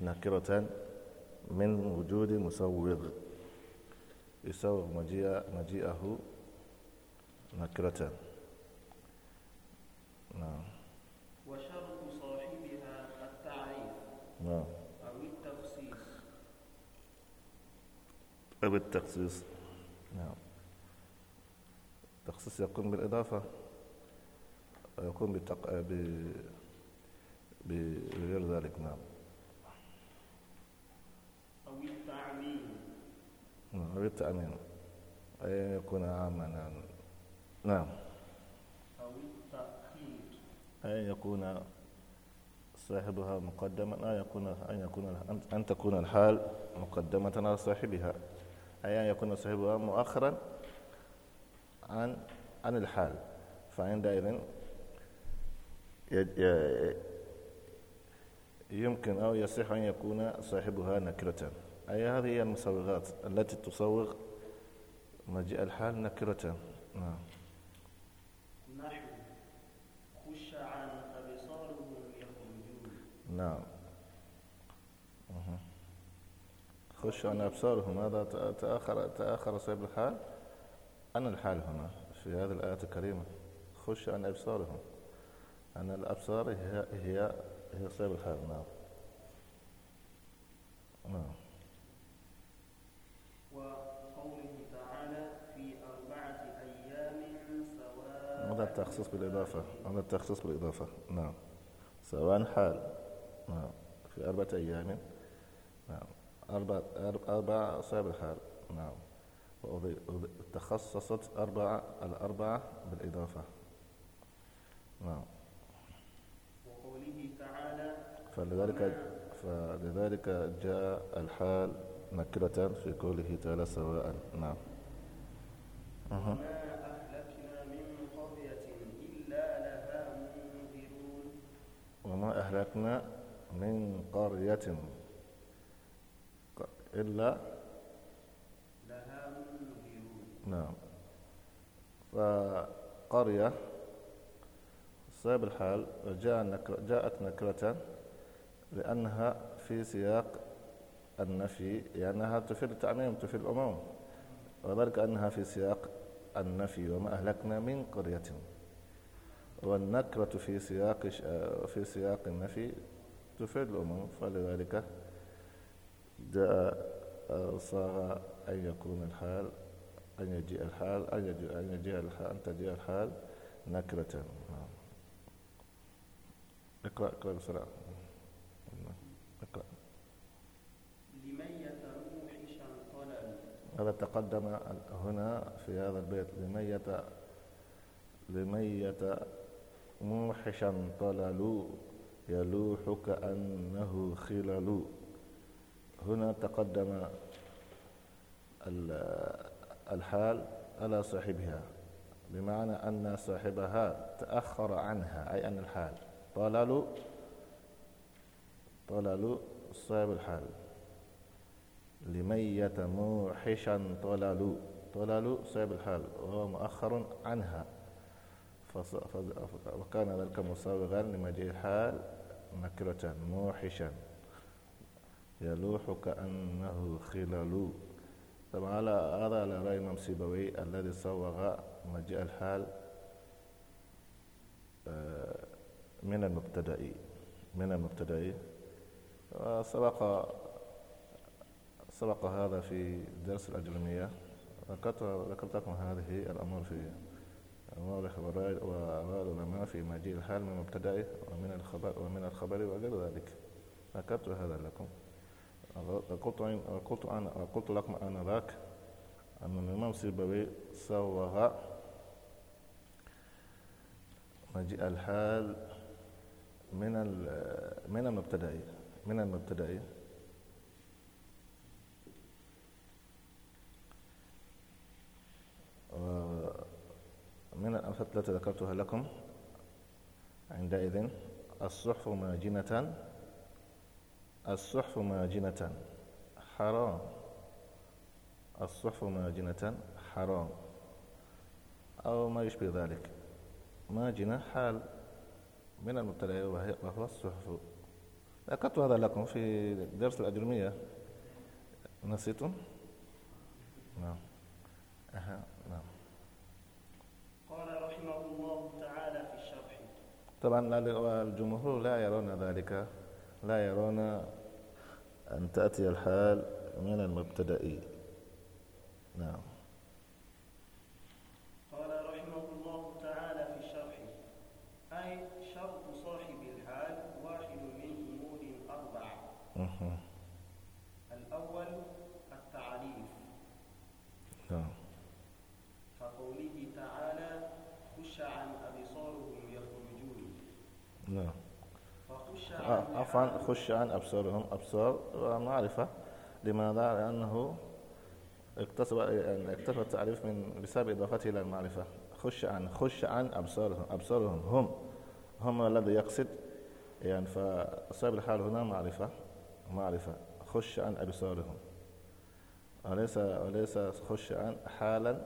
نكرة من وجود مسوغ يسوغ مجيء مجيئه نكرة نعم وشرط صاحبها التعريف نعم أو التخصيص أو التخصيص نعم التخصيص يكون بالإضافة أو يكون بتق... ب... بغير ذلك نعم أو التعميم نعم، أو التعميم أي يكون عاما نعم أو نعم. التأخير أي يكون صاحبها مقدما أن يكون أن يكون أن تكون الحال مقدمة على صاحبها أي أن يكون صاحبها مؤخرا عن عن الحال فعندئذ يمكن أو يصح أن يكون صاحبها نكرة أي هذه هي المصوغات التي تصوغ مجيء الحال نكرة نعم أبصارهم يخرجون نعم خش عن أبصارهم هذا تآخر تآخر صاحب الحال أنا الحال هنا في هذه الآية الكريمة خش عن أبصارهم أن الأبصار هي, هي هي صيب الخير نعم نعم وقوله تعالى في أربعة أيام سواء هذا التخصيص بالإضافة هذا التخصيص بالإضافة نعم سواء حال نعم في أربعة أيام نعم أربعة أربع صيب الحال نعم تخصصت أربعة الأربعة بالإضافة نعم فلذلك فلذلك جاء الحال نكرة في قوله تعالى سواء نعم وما أهلكنا من قرية إلا لها منذرون وما أهلكنا من قرية إلا لها منذرون نعم فقرية سبب الحال جاءت نكرة لأنها في سياق النفي لأنها تفيد التعميم تفيد الأمم وذلك أنها في سياق النفي وما أهلكنا من قرية والنكرة في سياق آه، في سياق النفي تفيد الأمم فلذلك جاء آه، صار أن يكون الحال أن يجيء الحال أن يجيء أن يجيء الحال أن تجيء الحال نكرة نعم. اقرأ اقرأ بسرعة هذا تقدم هنا في هذا البيت لميت لميت موحشا طلل يلوح كأنه خلل هنا تقدم الحال على صاحبها بمعنى أن صاحبها تأخر عنها أي أن الحال طلل طلل صاحب الحال لميت موحشا طلالو طلالو صاحب الحال وهو مؤخر عنها وكان ذلك مساوغا لمجيء الحال نكرة موحشا يلوح كأنه خلل طبعا على هذا على رأي الإمام سيبوي الذي صوغ مجيء الحال آه، من المبتدئ من المبتدئ وسبق آه، سبق هذا في درس الأجرمية ذكرت لكم هذه الأمور في مورخ الرائد وآراء العلماء في مجيء الحال من مبتدئه ومن الخبر ومن الخبر وغير ذلك ذكرت هذا لكم قلت قلت أنا قلت لكم ذاك أن الإمام السيبوي صور مجيء الحال من من المبتدئ من المبتدئ من الأمثلة التي ذكرتها لكم عندئذ الصحف ماجنة الصحف ماجنة حرام الصحف ماجنة حرام أو ما يشبه ذلك ماجنة حال من المبتلى وهو الصحف ذكرت هذا لكم في درس الأجرمية نسيتم؟ نعم رحمه الله تعالى في الشرح طبعا الجمهور لا يرون ذلك لا يرون أن تأتي الحال من المبتدئ نعم يخش عن أبصارهم أبصار معرفة لماذا؟ لأنه اكتسب يعني اكتسب التعريف من بسبب إضافته إلى المعرفة خش عن خش عن أبصارهم أبصارهم هم هم الذي يقصد يعني فصاحب الحال هنا معرفة معرفة خش عن أبصارهم وليس وليس خش عن حالا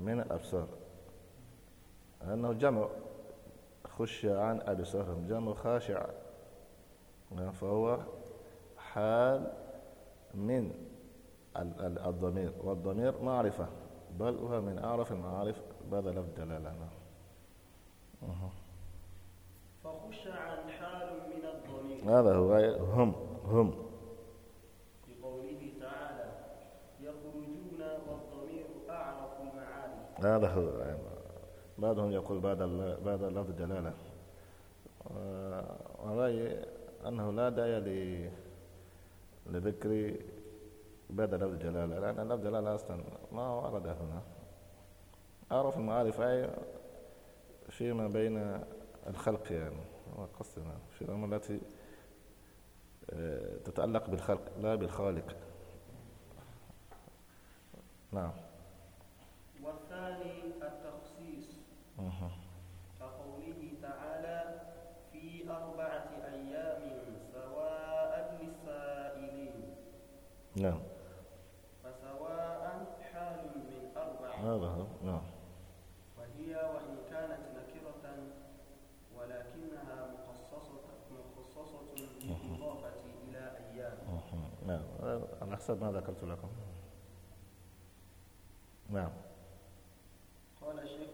من الأبصار لأنه جمع خش عن أبصارهم جمع خاشع فهو حال من الضمير والضمير معرفة بل هو من أعرف المعارف بذل الدلالة عن نعم. حال من الضمير هذا هو هم هم تعالى يخرجون والضمير أعرف هذا هو بعضهم يقول بعد بعد لفظ الدلاله والله أنه لا داعي لذكر بدل لفظ الجلالة لأن لفظ الجلالة أصلا ما ورد هنا أعرف المعارف أي فيما بين الخلق يعني قصدنا في الأمور التي آه، تتعلق بالخلق لا بالخالق نعم والثاني التخصيص نعم فسواء حال من أربعة هذا هو نعم وهي وإن كانت نكرة ولكنها مخصصة مخصصة بالإضافة إلى أيام نعم على حسب ما ذكرت لكم نعم قال الشيخ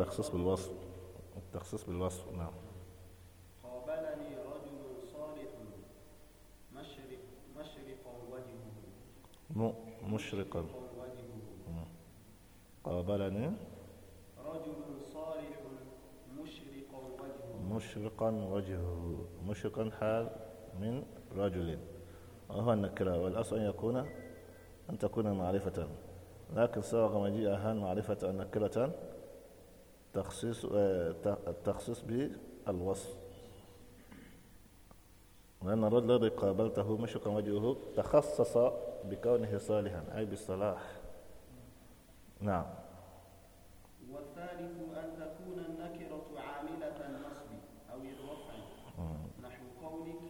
التخصيص بالوصف التخصيص بالوصف نعم قابلني رجل صالح مشرق مشرقا وجهه مشرقا قابلني رجل صالح مشرقا وجهه مشرقا وجهه مشرقا حال من رجل وهو النكرة والأصل أن يكون أن تكون معرفة لكن سبق مجيئها معرفة النكرة تخصيص آه، التخصيص بالوصف وأن الرجل الذي قابلته مشق وجهه تخصص بكونه صالحا أي بالصلاح نعم والثالث أن تكون النكرة عاملة النصب أو الرفع نحو قولك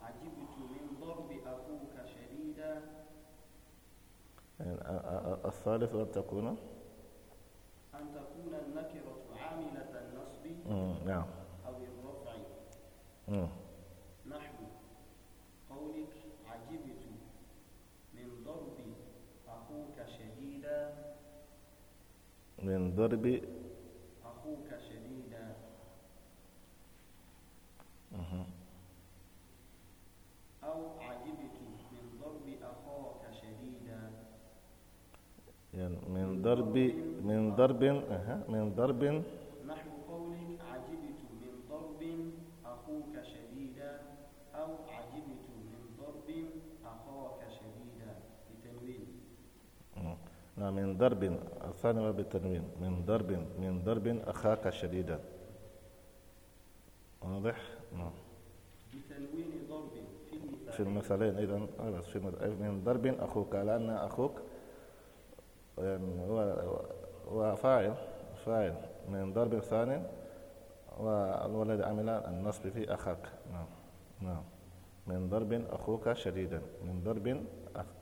عجبت من ضرب أخوك شديدا يعني، الثالث أن تكون أن تكون نعم أو الرفع نحو قولك عجبت من ضرب أخوك شديدا من ضرب أخوك شديدا أو عجبت من ضرب أخوك شديدا يعني من ضرب من ضرب من ضرب أخوك شديدا أو عجبت من ضرب أخاك شديدا بتنوين نعم من ضرب الثاني بالتنوين من ضرب من ضرب أخاك شديدا واضح؟ نعم بتنوين ضرب في المثلين إذا خلاص في أيوة، أيوة، من ضرب أخوك لأن أخوك يعني هو هو فاعل فاعل من ضرب ثاني والولد عمل النصب في أخاك نعم نعم من ضرب أخوك شديدا من ضرب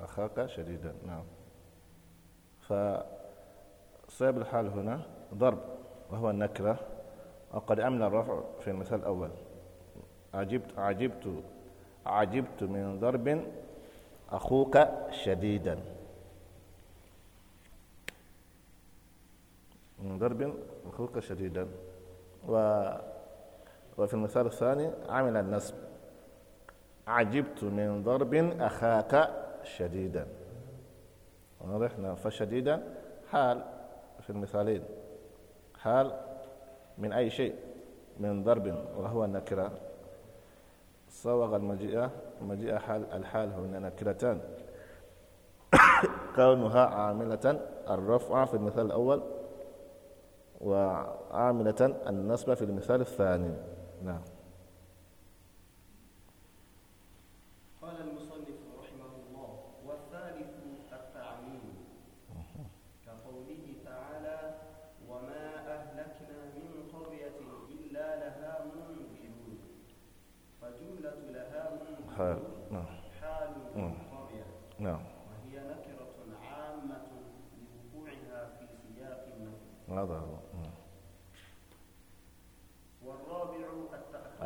أخاك شديدا نعم فصيب الحال هنا ضرب وهو النكرة وقد عمل الرفع في المثال الأول عجبت عجبت عجبت من ضرب أخوك شديدا من ضرب أخوك شديدا و وفي المثال الثاني عمل النسب عجبت من ضرب أخاك شديدا واضح نعم، فشديدا حال في المثالين حال من أي شيء من ضرب وهو النكرة صوغ المجيء مجيء حال الحال هنا نكرتان كونها عاملة الرفع في المثال الأول وعاملة النصب في المثال الثاني نعم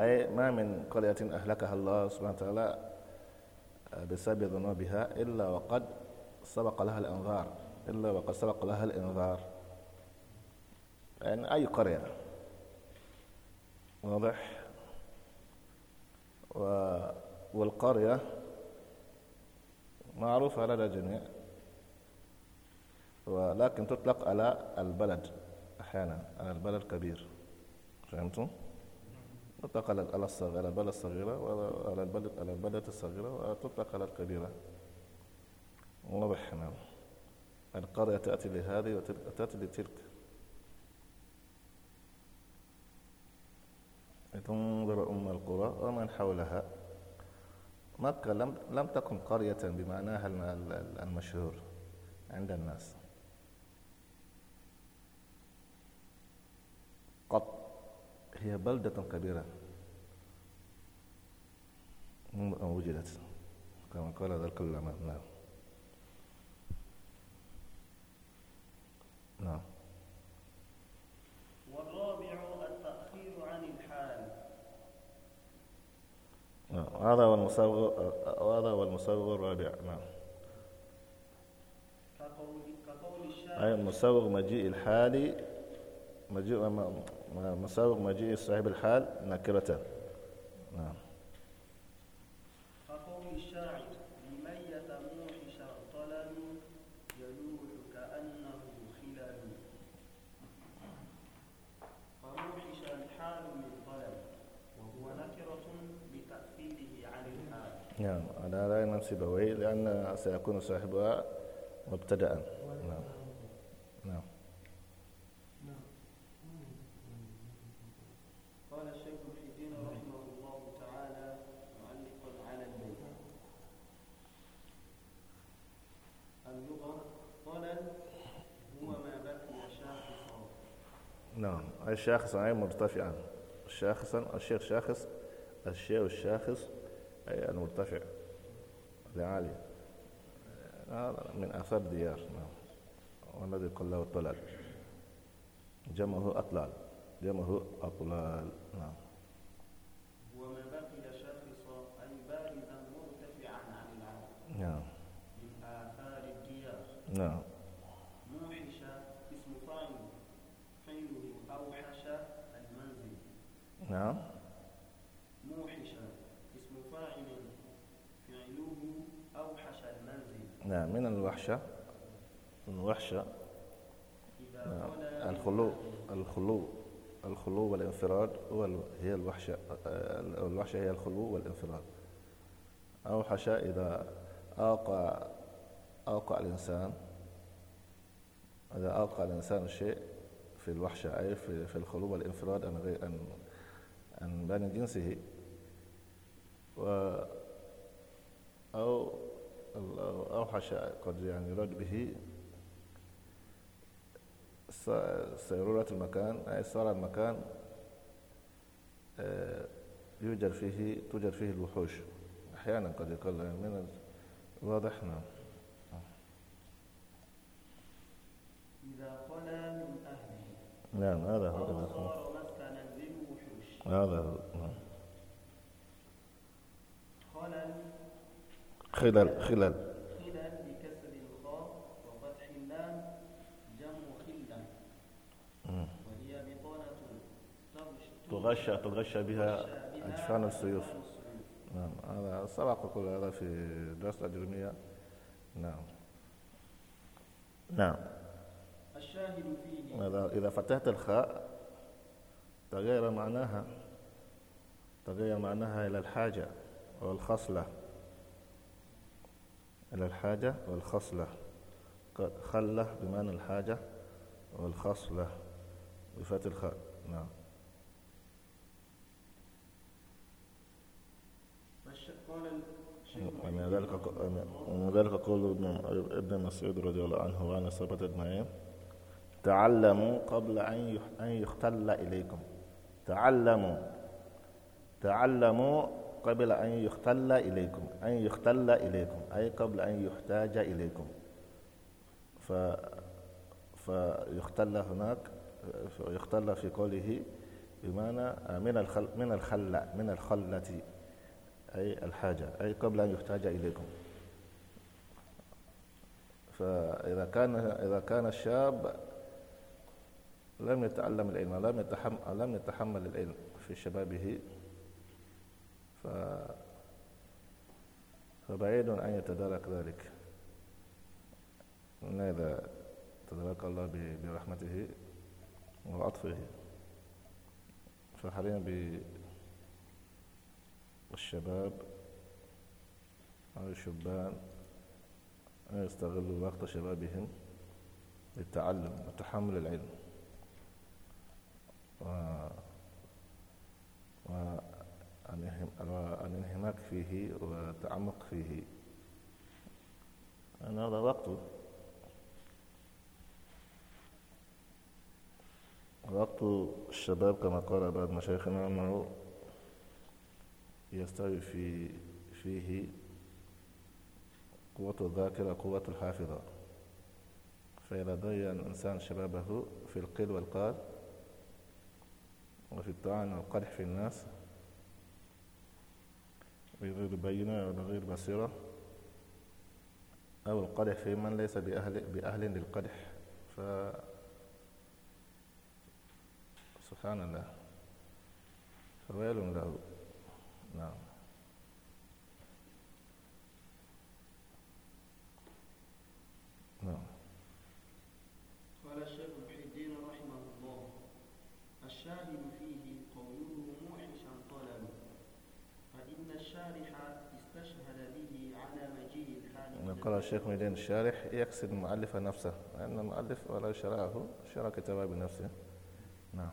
أي ما من قرية أهلكها الله سبحانه وتعالى آه، بسبب ذنوبها إلا وقد سبق لها الإنذار إلا وقد سبق لها الإنذار يعني أي قرية واضح و... والقرية معروفة لدى الجميع ولكن تطلق على البلد أحيانا على البلد كبير فهمتم؟ تطلق على الصغيرة على الصغيرة وعلى البلة على البلة الصغيرة وتطلق على الكبيرة واضح نعم القرية تأتي لهذه وتأتي لتلك لتنظر أم القرى ومن حولها مكة لم لم تكن قرية بمعناها المشهور عند الناس هي بلدة كبيرة وجدت كما قال ذلك العلماء نعم نعم والرابع التأخير عن الحال نعم هذا هو المصور هذا هو المصور الرابع نعم كقول كقول الشاعر أي المصور مجيء الحال مجيء مساوغ مجيء صاحب الحال نكرة نعم الشاعر يلوح كأنه فموحش الحال وهو نكرة عن الحال نعم على رأي ينسبه لأن سيكون صاحبها مبتدأ نعم نعم الشاخص عن مرتفعا شاخصا الشيخ شاخص الشيء الشاخص أي المرتفع هذا من آثار ديار نعم. والذي قل له الطلال جمعه أطلال جمعه أطلال نعم وما بقي شاخصا أي بارزا مرتفعا عن نعم من آثار الديار نعم نعم موحشا اسم فاعل فعله أوحش المنزل نعم من الوحشة من الوحشة نعم. الخلو الخلو الخلو والانفراد هي الوحشة آه، الوحشة هي الخلو والانفراد أوحش إذا أوقع أوقع الإنسان إذا أوقع الإنسان شيء في الوحشة أي في, في الخلو والانفراد ان غير أن عن بني جنسه و أو أوحش قد يعني يراد به سيرورة المكان أي صار المكان آه، يوجد فيه توجد فيه الوحوش أحيانا قد يقال من الواضح نعم إذا خلا من أهله نعم هذا هو هذا نعم. خلل خلل خلل تغشى تغشى بها أجفان السيوف نعم هذا سبق كل هذا في دراسة الأجرمية نعم نعم الشاهد فيه إذا فتحت الخاء تغير معناها تغير معناها إلى الحاجة والخصلة إلى الحاجة والخصلة خلة بمعنى الحاجة والخصلة بفتح الخاء نعم ومن ذلك ومن ذلك قول ابن ابن مسعود رضي الله عنه وعن ثبتت أجمعين تعلموا قبل أن يختل إليكم تعلموا تعلموا قبل أن يختل إليكم أن يختل إليكم أي قبل أن يحتاج إليكم ف فيختل هناك يختل في قوله بمعنى من الخل من الخلة من الخلة أي الحاجة أي قبل أن يحتاج إليكم فإذا كان إذا كان الشاب لم يتعلم العلم لم يتحمل, لم يتحمل العلم في شبابه ف فبعيد أن يتدارك ذلك اذا تدارك الله برحمته وعطفه فحاليا بالشباب أو الشبان يستغلوا وقت شبابهم للتعلم وتحمل العلم والانهماك فيه والتعمق فيه أن هذا وقته وقت الشباب كما قال بعض مشايخنا أنه يستوي في فيه قوة الذاكرة قوة الحافظة فإذا ضيع الإنسان شبابه في القيل والقال وفي الطعن والقدح في الناس بغير بينة وبغير بصيرة أو القدح في من ليس بأهل بأهل للقدح ف سبحان الله فويل له نعم نعم قال الشيخ قال الشيخ ميدان الشارح يقصد المؤلف نفسه لأن المؤلف ولا شرعه شرع كتابه بنفسه نعم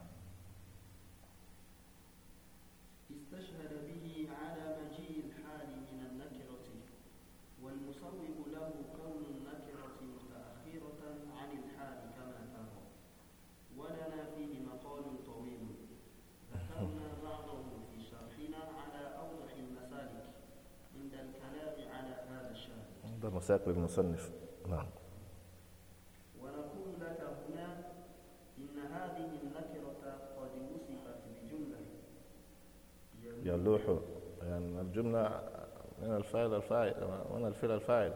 الساق للمصنف نعم ونقول لك هنا إن هذه النكرة قد وصفت بجملة يلوح يعني الجملة من الفاعل الفاعل من الفعل الفاعل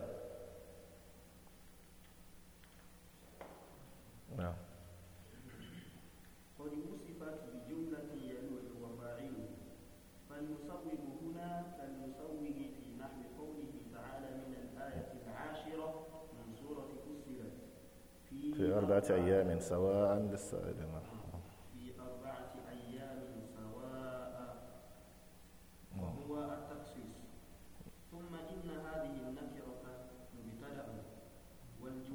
أربعة أيام سواء للسائل في أربعة أيام سواء نعم. التخصيص ثم إن هذه النكرة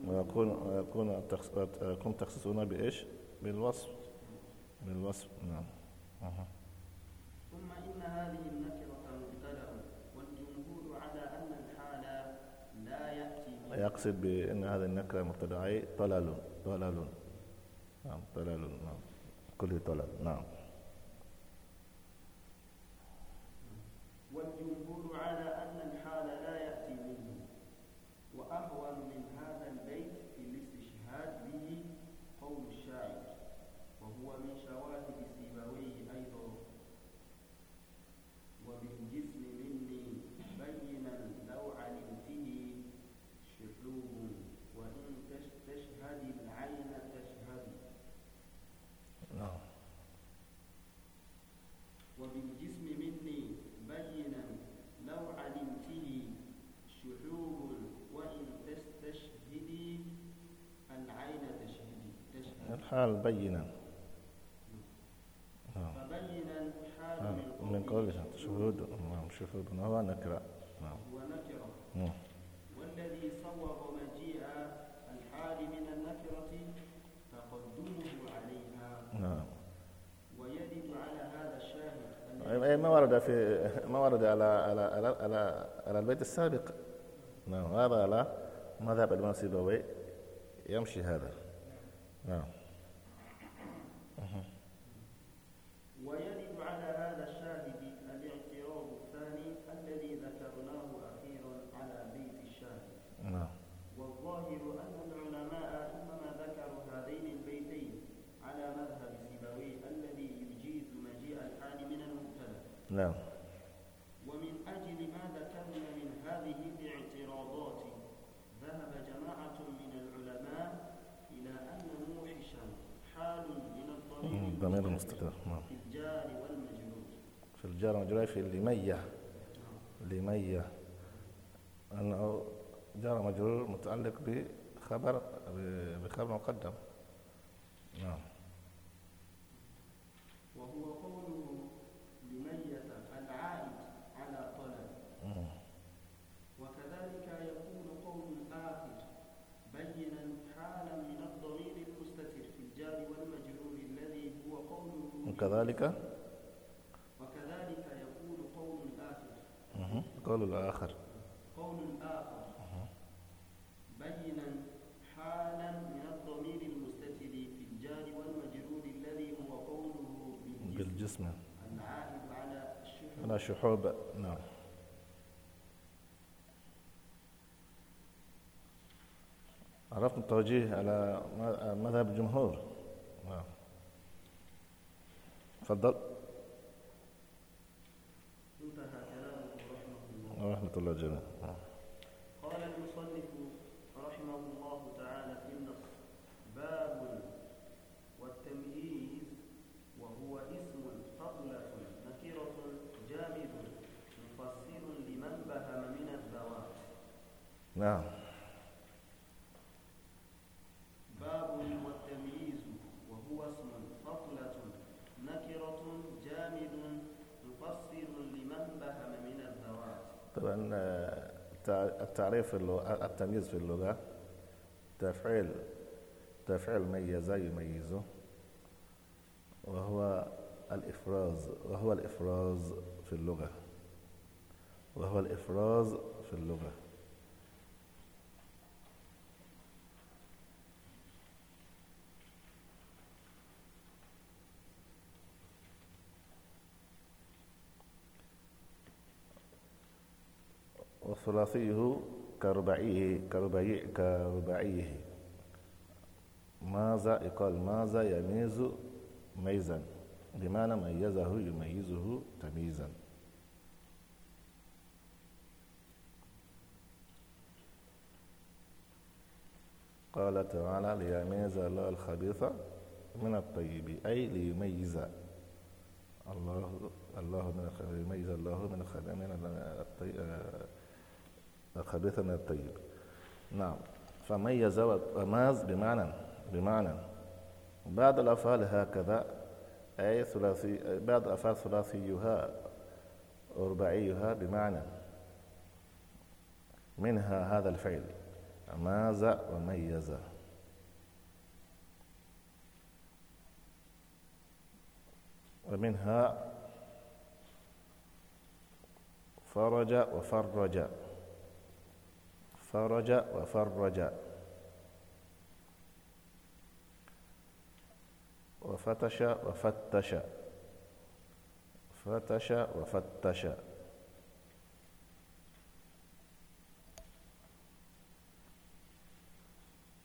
ويكون يكون يكون التخصيص بإيش؟ بالوصف بالوصف نعم ثم إن هذه يقصد بأن هذا النكرة مرتدعي طلال طلال نعم طلال نعم كله طلال نعم حال بينا نعم فبينا حال من قولها شهود نعم شهود هو نكرة نعم ونكرة نعم والذي صوب مجيء الحال من النكرة تقدمه عليها نعم ويجب على هذا الشاهد ما ورد في ما ورد على على على على, على البيت السابق نعم هذا على مذهب الإمام يمشي هذا نعم Uh-huh. جار مجرور في لمية لمية أنه جار مجرور متعلق بخبر بخبر مقدم شحوب نعم عرفنا التوجيه على مذهب الجمهور نعم تفضل ورحمة الله جميعا نعم باب والتمييز وهو اسم فضلة نكرة جامد مفصل لمن بهم من الذوات طبعا آه، التعريف اللغة التمييز في اللغة تفعيل تفعيل ميز يميزه وهو الإفراز وهو الإفراز في اللغة وهو الإفراز في اللغة ثلاثيه كربعيه كربعي كربعيه ماذا يقال ماذا يميز ميزا بمعنى ميزه يميزه تمييزا قال تعالى ليميز الله الخبيث من الطيب أي ليميز الله الله من يميز الله من من الطيب من الطيب نعم فميز وماز بمعنى بمعنى بعض الأفعال هكذا أي ثلاثي بعض الأفعال ثلاثيها رباعيها بمعنى منها هذا الفعل ماز وميز ومنها فرج وفرج فرج وفرج وفتش وفتش فتش وفتش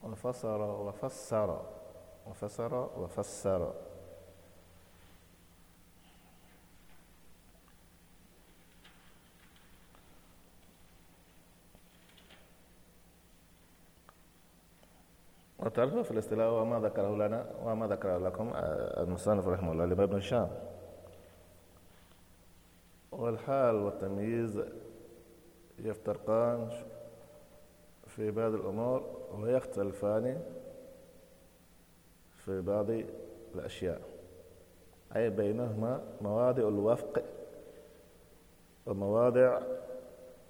وفسر وفسر وفسر وفسر, وفسر وتعرفوا في الاستلاء وما ذكره لنا وما ذكره لكم آه، المصنف رحمه الله لما الشام والحال والتمييز يفترقان في بعض الأمور ويختلفان في بعض الأشياء أي بينهما مواضع الوفق ومواضع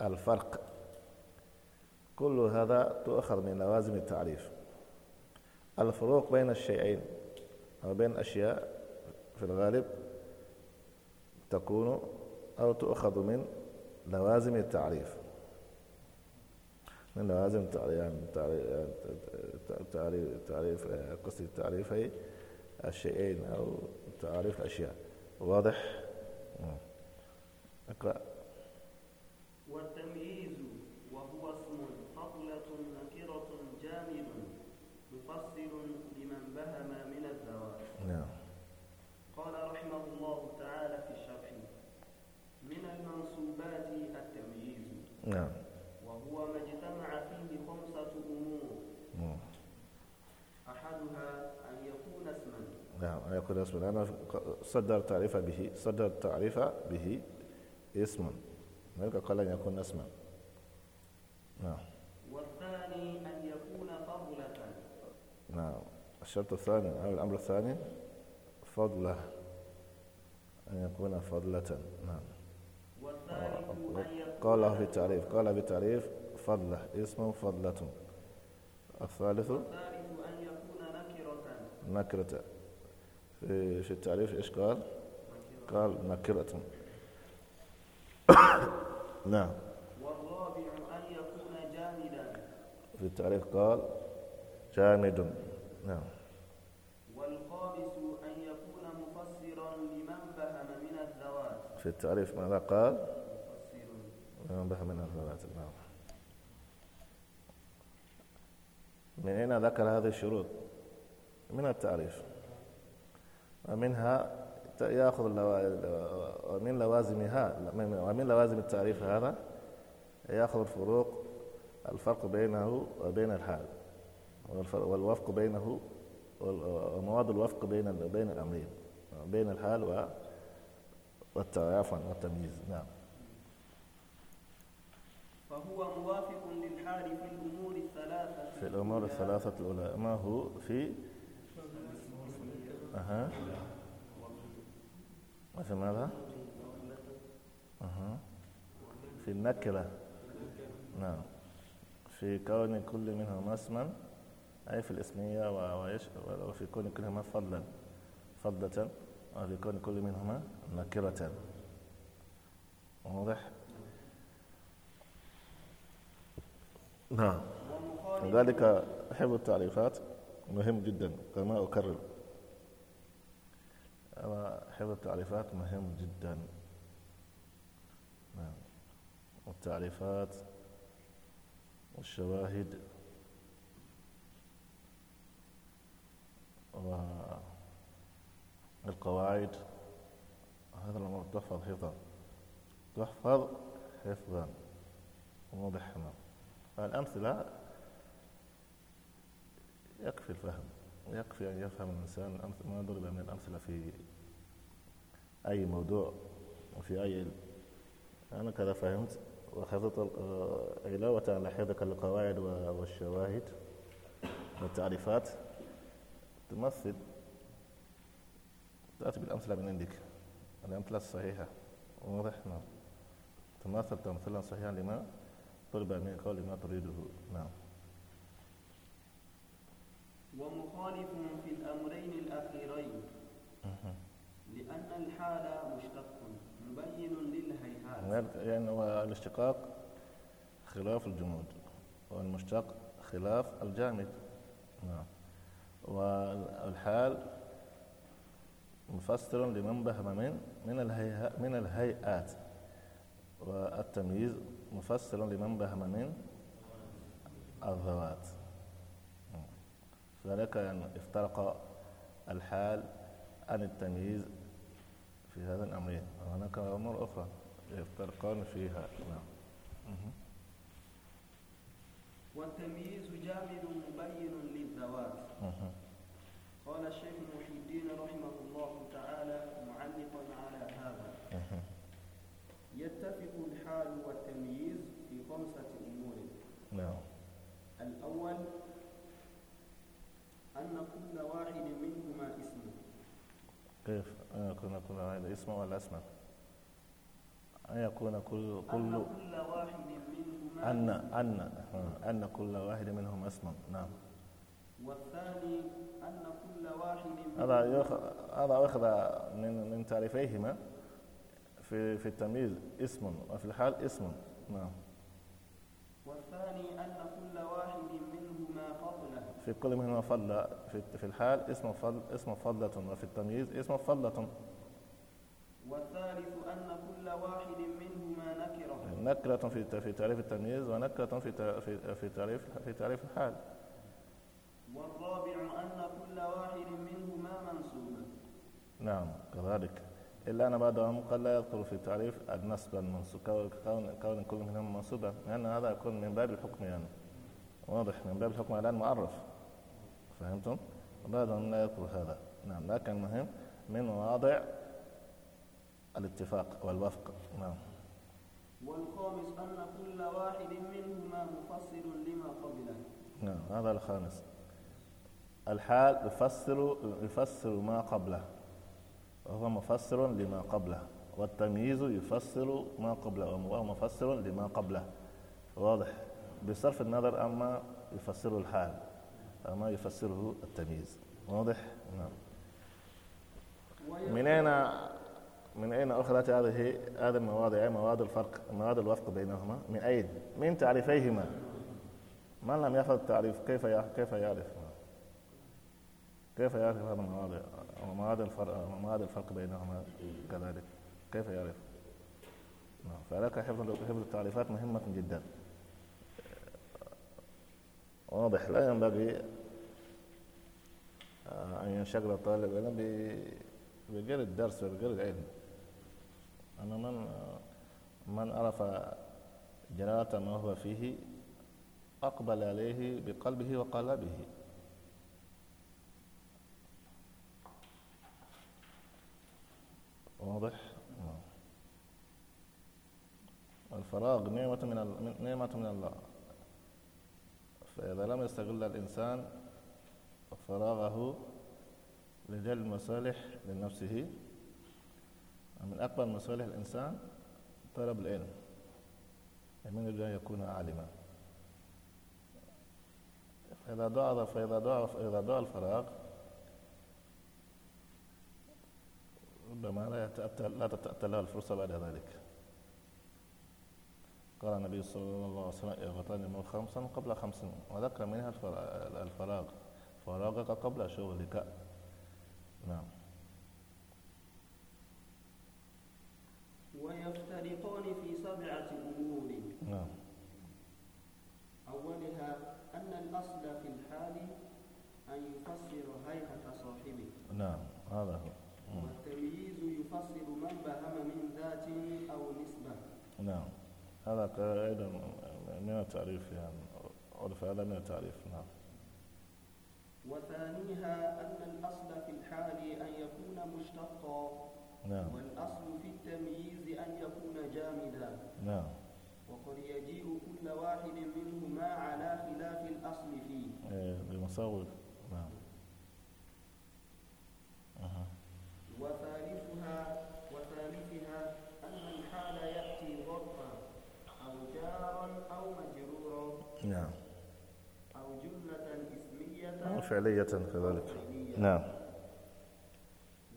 الفرق كل هذا تؤخذ من لوازم التعريف الفروق بين الشيئين أو بين أشياء في الغالب تكون أو تؤخذ من لوازم التعريف من لوازم التعريف يعني تعريف تعريف قصدي هي الشيئين أو تعريف الأشياء واضح؟ نعم. اقرأ يقول اسم لأنه صدر تعريف به صدر التعريف به اسم ملك قال أن يكون اسما نعم والثاني أن يكون فضلة نعم الشرط الثاني أو الأمر الثاني فضلة أن يكون فضلة نعم قال في التعريف قال في التعريف فضلة اسم فضلة الثالث الثالث أن يكون نكرة نكرة في إيه، التعريف إيش قال قال نكرة نعم والرابع أن يكون جامدا في التعريف قال جامد نعم والخامس أن يكون مفسرا لمن فهم من الذوات في التعريف ماذا قال لمن فهم من الذوات نعم من أين ذكر هذه الشروط من التعريف ومنها ياخذ ومن لوازمها ومن لوازم التعريف هذا ياخذ الفروق الفرق بينه وبين الحال والوفق بينه ومواد الوفق بين بين الامرين بين الحال والتعافن والتمييز نعم فهو موافق للحال في الامور الثلاثه في الامور الثلاثه الاولى ما هو في أها ماشي مالها في النكرة نعم في كون كل منهما اسما أي في الاسمية وفي كون كل منهما فضلا فضة وفي كون كل منهما نكرة واضح نعم لذلك حفظ التعريفات مهم جدا كما أكرر حفظ التعريفات مهم جدا نعم. والتعريفات والشواهد والقواعد هذا الأمر تحفظ حفظا تحفظ حفظا واضح الأمثلة يكفي الفهم يكفي أن يفهم الإنسان ما ضرب من الأمثلة في أي موضوع وفي أي علم أنا كذا فهمت وحفظت علاوة على حفظك القواعد والشواهد والتعريفات تمثل تأتي بالأمثلة من عندك الأمثلة الصحيحة واضح نعم تمثل تمثلا صحيحا لما ضرب من قول ما تريده نعم ومخالف في الأمرين الأخيرين لأن الحال مشتق مبين للهيهات يعني والاشتقاق خلاف الجمود والمشتق خلاف الجامد نعم والحال مفسر لمنبه من من الهيئات من الهيئات والتمييز مفسر لمنبه من الذوات فذلك يعني افترق الحال عن التمييز في هذا الأمرين وهناك أمور أخرى يفترقان فيها نعم والتمييز جامد مبين للذوات قال الشيخ محي الدين رحمه الله تعالى معلقا على هذا يتفق الحال والتمييز في خمسة أمور نعم الأول أن كل واحد منهما اسم كيف يكون كل واحد اسم ولا اسم أن يكون كل كل أن كل واحد منهما أن أن أن كل واحد منهما اسم نعم والثاني أن كل واحد هذا هذا يؤخذ من من تعريفيهما في في التمييز اسم وفي الحال اسم نعم والثاني أن كل واحد في كل منهما فضل في الحال اسم فضل اسم فضلة وفي التمييز اسم فضلة والثالث أن كل واحد منهما نكرة نكرة في في تعريف التمييز ونكرة في في تعريف في تعريف الحال والرابع أن كل واحد منهما منصوب نعم كذلك إلا أن بعضهم قد لا يذكر في التعريف النصب المنصوب كون كون كل منهم منصوبا لأن هذا يكون من باب الحكم يعني واضح من باب الحكم الآن معرف. فهمتم؟ بعد لا يكره هذا نعم لكن المهم من مواضع الاتفاق والوفق نعم والخامس أن كل واحد منهما مفصل لما قبله نعم هذا الخامس الحال يفسر يفسر ما قبله وهو مفسر لما قبله والتمييز يفسر ما قبله وهو مفسر لما قبله واضح بصرف النظر أما يفسر الحال ما يفسره التمييز واضح؟ نعم من أين من أين أخذت هذه هذه المواضع مواد الفرق مواد الوفق بينهما من أين؟ من تعريفيهما من لم يحفظ التعريف كيف كيف يعرف كيف يعرف هذا المواضع مواد الفرق ومواد الفرق بينهما كذلك كيف يعرف؟ نعم فلك حفظ حفظ التعريفات مهمة جدا واضح لا ينبغي آه، أن ينشغل الطالب العلم بغير الدرس وغير العلم أنا من من عرف جلالة ما هو فيه أقبل عليه بقلبه وقلبه واضح نعم. الفراغ نعمة من نعمة من الله فإذا لم يستغل الإنسان فراغه لجلب مصالح لنفسه من أكبر مصالح الإنسان طلب العلم من يريد أن يكون عالما فإذا ضاع فإذا ضاع فإذا ضاع الفراغ ربما لا تتأتى لا تتأتى له الفرصة بعد ذلك قال النبي صلى الله عليه وسلم اغتنم خمسا قبل خمس وذكر منها الفراغ فراغك قبل شغلك نعم ويفترقان في سبعة أمور نعم أولها أن الأصل في الحال أن يفسر هيئة صاحبه نعم هذا هو هذا أيضا من التعريف يعني عرف هذا من التعريف نعم وثانيها أن الأصل في الحال أن يكون مشتقا نعم والأصل في التمييز أن يكون جامدا نعم وقد يجيء كل واحد منهما على خلاف الأصل فيه إيه بمصور نعم أه. وثالثها فعلية كذلك نعم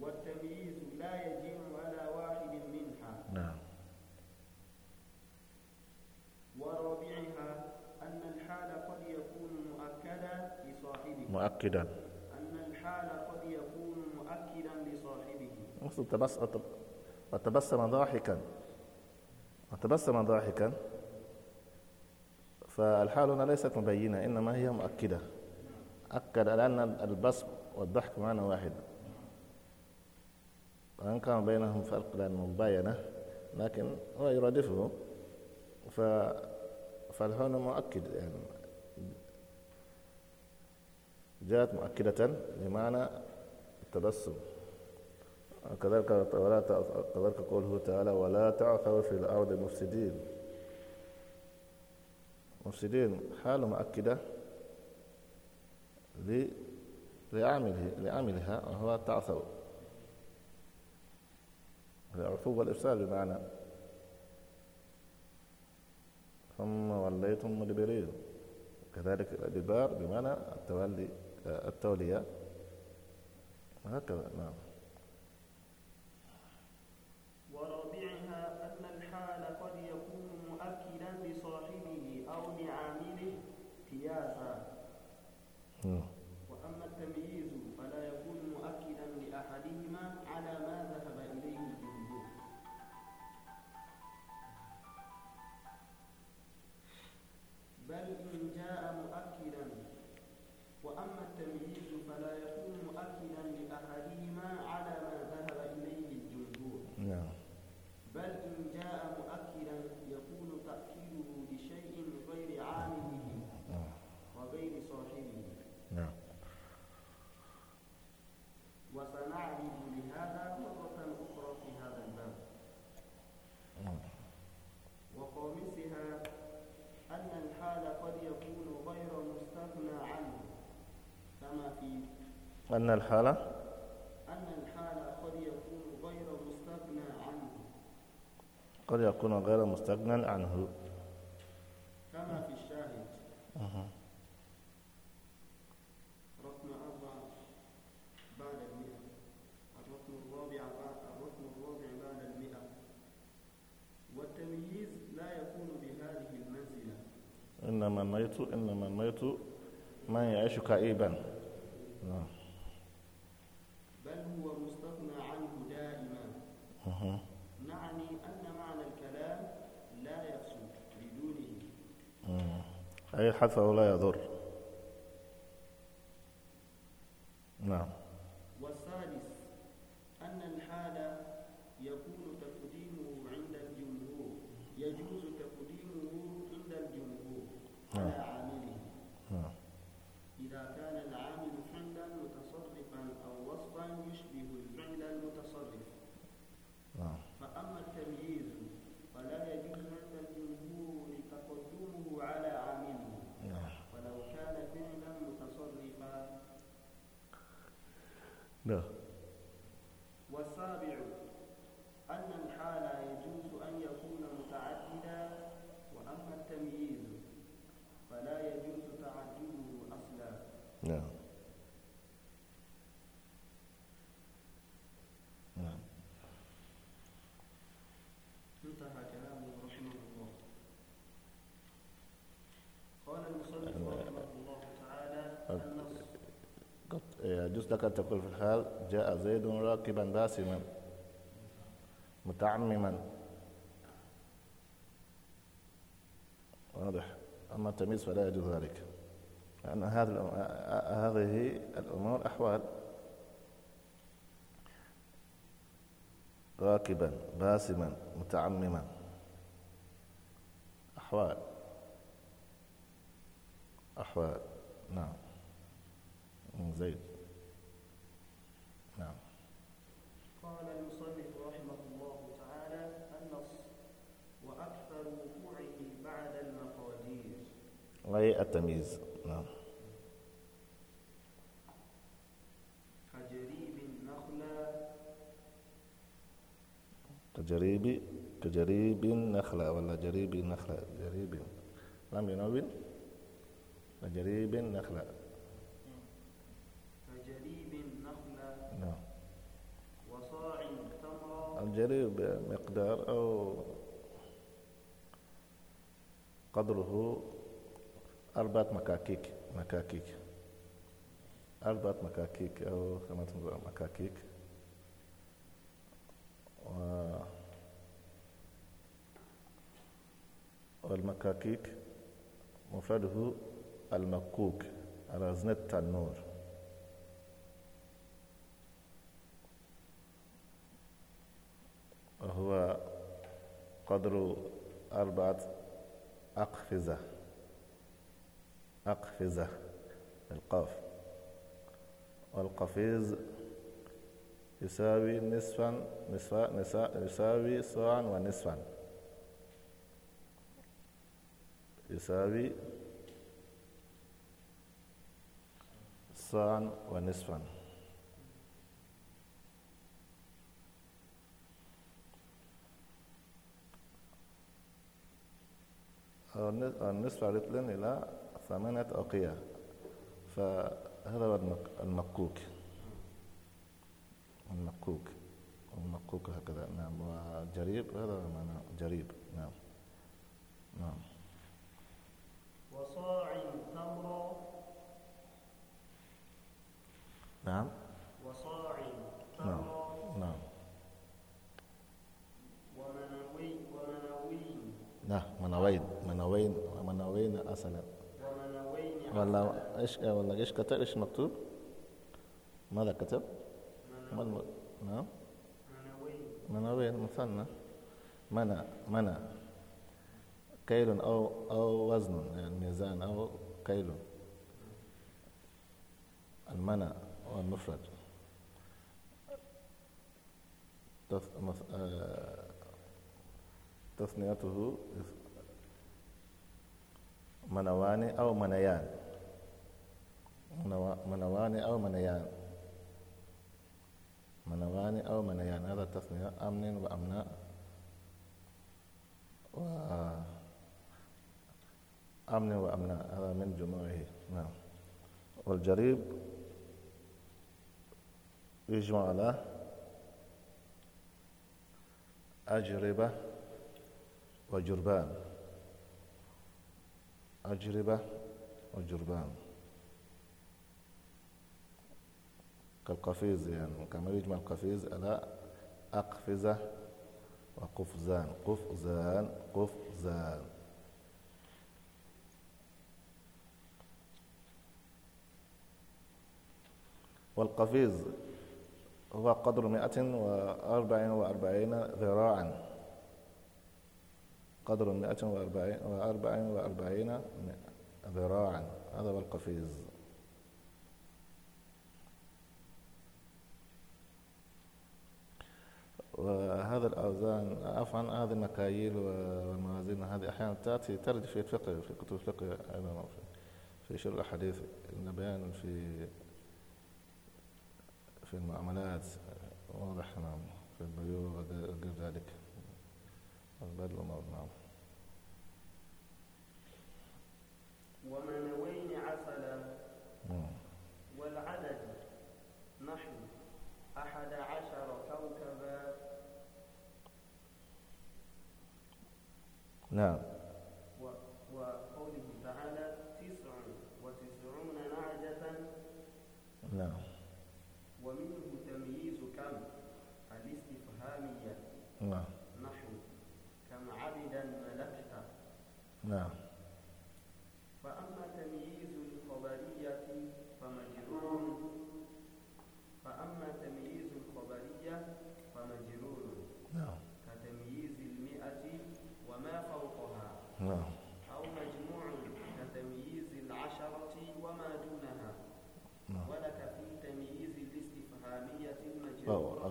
والتمييز لا يجب على واحد منها نعم ورابعها أن الحال قد يكون مؤكدا لصاحبه مؤكدا أن الحال قد يكون مؤكدا لصاحبه مثل تبس... وتبسم ضاحكا وتبسم ضاحكا فالحال هنا ليست مبينة إنما هي مؤكدة أكد على أن البصم والضحك معنى واحد وإن كان بينهم فرق لأن مباينة لكن هو يرادفه ف... فالهون مؤكد يعني جاءت مؤكدة بمعنى التبسم وكذلك ولا كذلك قوله تعالى ولا تعثوا في الأرض مفسدين مفسدين حال مؤكده لعامله لعاملها وهو التعثر العثو والإفساد بمعنى ثم وليتم مدبرين كذلك الإدبار بمعنى التولي التولية وهكذا نعم ورابعها أن الحال قد يكون مؤكدا لصاحبه أو لعامله قياسا أن الحالة أن الحالة قد يكون غير مستغنى عنه قد يكون غير مستغنى عنه كما في الشاهد أه. رقم أربعة بعد المئة الرقم الرابع بعد الرقم الرابع بعد المئة والتمييز لا يكون بهذه المنزلة إنما الميت إنما الميت من يعيش كئيبا نعم هو المستغنى عنه دائما نعني أن معنى الكلام لا يفسد بدونه أه. أي حذفه لا يضر يشتكر تقول في الحال جاء زيد راكبا باسما متعمما واضح أما التمييز فلا يجوز ذلك لأن هذه هذه الأمور أحوال راكبا باسما متعمما أحوال أحوال نعم زيد وهي التمييز نعم كجريب النخلة كجريب كجريب النخلة ولا جريب النخلة جريب لم نعم ينون كجريب النخلة كجريب النخلة نعم وصاع تمرة الجريب مقدار أو قدره أربعة مكاكيك مكاكيك أربعة مكاكيك أو كما تنظر مكاكيك و والمكاكيك مفرده المكوك على وزن التنور وهو قدر أربعة أقفزة أقفزة القاف والقفيز يساوي نصفا نصفا نصفا يساوي صاعا ونصفا يساوي صاعا ونصفا النصف رطل إلى ثمانية أقية فهذا هو المكوك المكوك المكوك هكذا نعم وجريب هذا معنى جريب نعم نعم وصاع تمر نعم وصاع تمر نعم نعم ومنوي ومنوي نعم منوين منوين منوين أصلا ولا ايش إيه ولا ايش كتب ايش مكتوب؟ ماذا كتب؟ ما الم... نعم مناوين مثنى منى منى كيل او او وزن يعني ميزان او كيل المنى والمفرد آه، تثنيته منوان او منيان منوان أو منيان منوان أو منيان هذا التثنية أمن وأمناء و أمن وأمناء هذا من جموعه نعم والجريب يجمع على أجربة وجربان أجربة وجربان كالقفيز يعني كما يجمع القفيز على أقفزة وقفزان قفزان قفزان والقفيز هو قدر مائة وأربع وأربعين ذراعا قدر مائة وأربع وأربعين ذراعا هذا هو القفيز وهذا الأوزان عفوا هذه المكاييل والموازين هذه أحيانا تأتي ترد في الفقه في كتب الفقه أيضا في شرح الحديث إن بيان في في المعاملات واضح نعم في البيوع وغير ذلك البدل نعم ومن وين عسل No.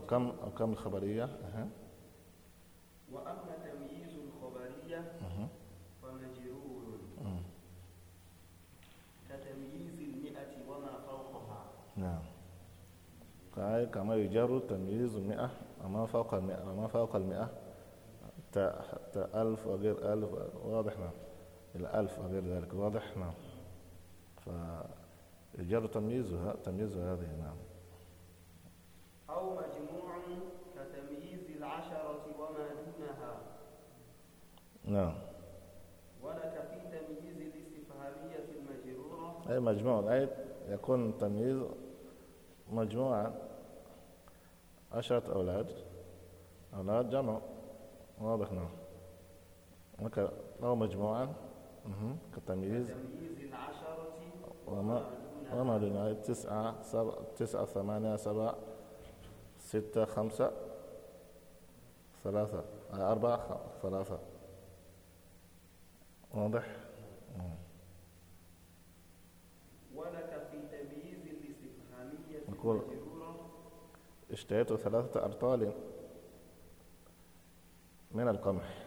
أرقام أرقام الخبرية أه. وأما تمييز الخبرية أه. فمجرور أه. كتمييز المئة وما فوقها نعم كأي كما يجر تمييز المئة وما فوق المئة وما فوق المئة حتى ألف وغير ألف واضح نعم الألف وغير ذلك واضح نعم فيجر تمييزها تمييز هذه نعم أو مجموع كتمييز العشرة وما دونها نعم ولك في تمييز الاستفهامية المجرورة أي مجموع أي يكون تمييز مجموعة عشرة أولاد أولاد جمع واضح نعم أو مجموعة كتمييز العشرة وما وما دونها تسعة سبعة تسعة ثمانية سبعة ستة خمسة ثلاثة آه، أربعة ثلاثة واضح؟ ولك في تمييز الاستفهامية نقول اشتهيت ثلاثة أرطال من القمح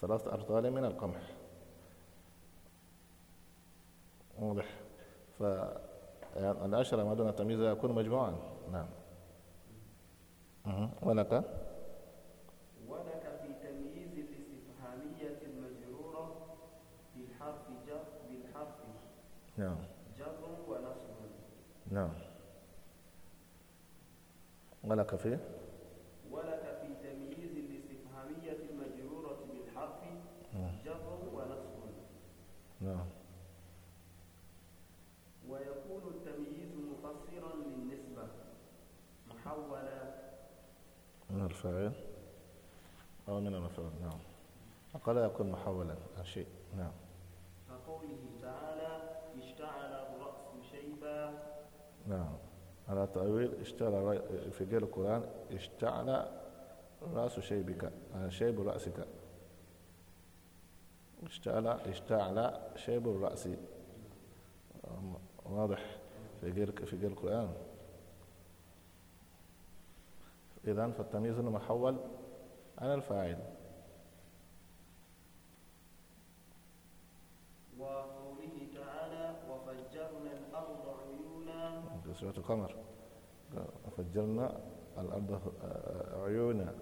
ثلاثة أرطال من القمح واضح؟ ف العشرة ما دون التمييز يكون مجموعا نعم ولك ولك في تمييز الاستفهامية المجرورة بالحرف جر بالحرف نعم جر ونصب نعم ولك في ولك في تمييز الاستفهامية المجرورة بالحرف نعم. جر ونصب نعم الفاعل أو من المفعول نعم قال يكون محولا شيء نعم كقوله تعالى اشتعل الرأس شيبا نعم على تأويل اشتعل في غير القرآن اشتعل رأس شيبك آه، شيب رأسك اشتعل اشتعل شيب الرأس واضح في غير في غير القرآن إذا فالتمييز إنه محول عن الفاعل وقوله تعالى وفجرنا الأرض عيونا سورة القمر وفجرنا الأرض آه، عيونا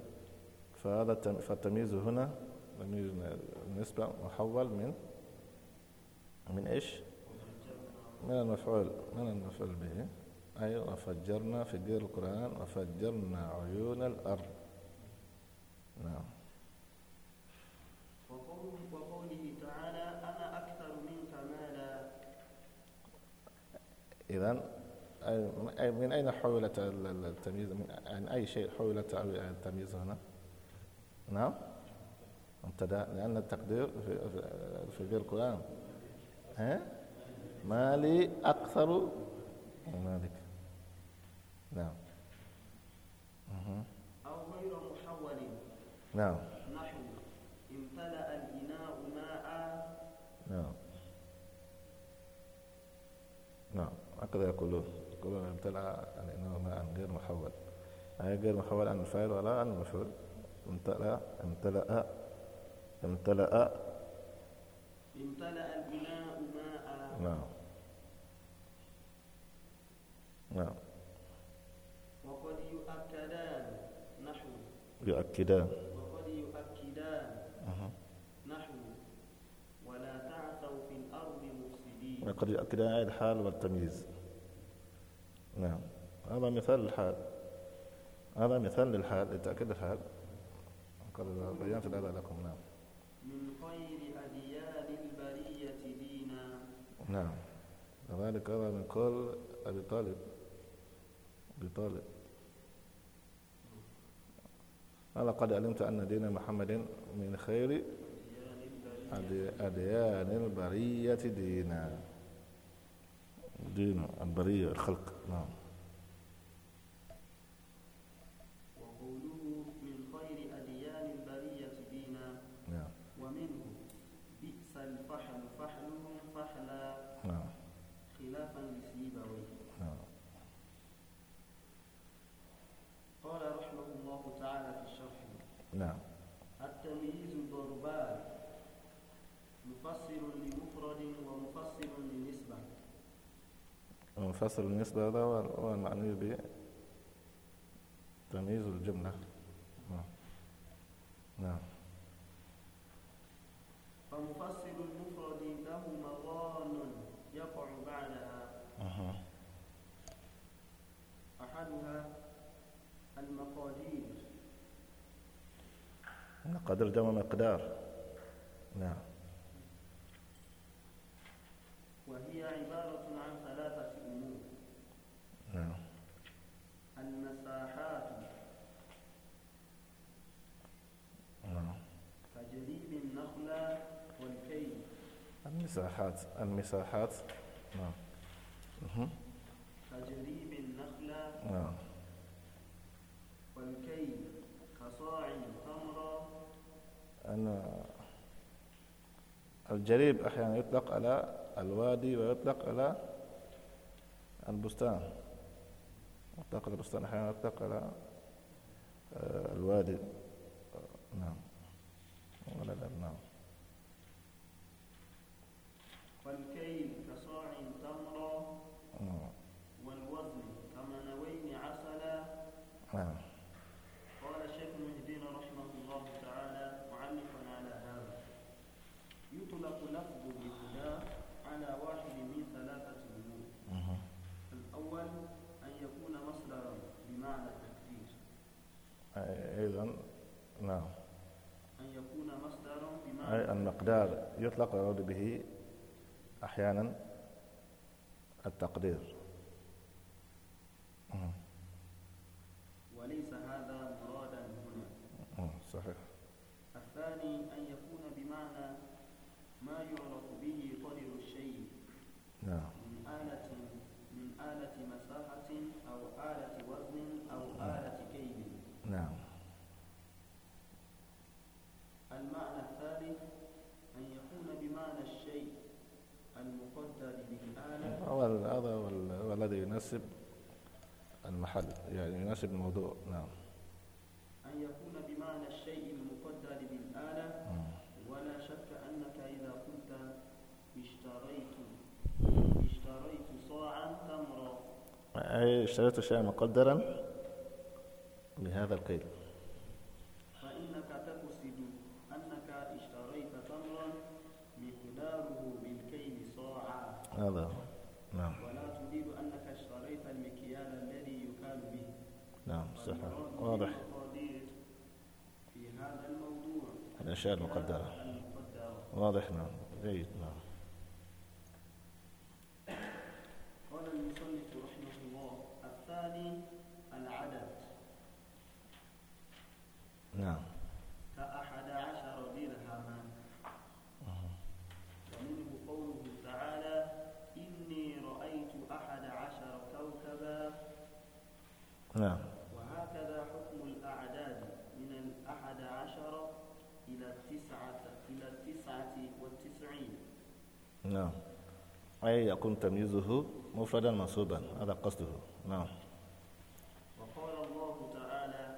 فهذا فالتمييز هنا تمييز بالنسبة محول من من إيش؟ من المفعول من المفعول به أي وفجرنا في دير القرآن وفجرنا عيون الأرض نعم وقوله تعالى أنا أكثر منك مالا إذا من أين حولت التمييز عن أي شيء حولت التمييز هنا نعم مبتدا لأن التقدير في غير القرآن ها مالي أكثر مالك نعم أو غير محول نعم نحو امتلأ الإناء ماء نعم نعم هكذا يقولون يقولون امتلأ الإناء ماء غير محول أي يعني غير محول عن الفاعل ولا عن المفعول امتلأ امتلأ امتلأ امتلأ الإناء ماء نعم نعم يؤكدان وقد يؤكدان أه. نحو ولا تعثوا في الأرض مفسدين وقد يؤكدان أي الحال والتمييز نعم هذا مثال للحال هذا مثال للحال لتأكيد الحال قد بينت هذا لكم نعم من خير أديان البرية دينا نعم كذلك هذا من قول أبي طالب أبي طالب لقد علمت أن دين محمد من خير أديان البرية دينا دين البرية الخلق نعم منفصل النسبة هذا هو المعني بتمييز الجملة نعم نعم فمفصل المفرد له مضان يقع بعدها أه. أحدها المقادير المقادير جمع مقدار نعم وهي عبارة مساحات المساحات نعم كجريب النخلة نعم والكي كصاع التمرة أنا الجريب أحيانا يطلق على الوادي ويطلق على البستان يطلق على البستان أحيانا يطلق على آه، الوادي نعم ولا نعم والكيل كصاع تمرا والوزن كمنوين عسلا نعم. قال الشيخ مهدين رحمه الله تعالى معلقا على هذا يطلق لفظ بهدى على واحد من ثلاثة أمور الأول أن يكون مصدرا بمعنى التكفير أيضا نعم أن يكون مصدرا بمعنى أي المقدار يطلق به أحيانا التقدير يناسب المحل يعني يناسب الموضوع نعم أن يكون بمعنى الشيء المقدر بالآلة ولا شك أنك إذا قلت اشتريت اشتريت صاعا تمرا أي اشتريت شيئا مقدرا بهذا القيد فإنك تقصد أنك اشتريت تمرا مقداره بالكيل صاعا هذا هو الأشياء المقدرة واضح نعم جيد نعم نعم كأحد عشر درهما ومنه قوله تعالى إني رأيت أحد عشر كوكبا نعم نعم أي يكون تمييزه مفردا منصوبا هذا قصده نعم وقال الله تعالى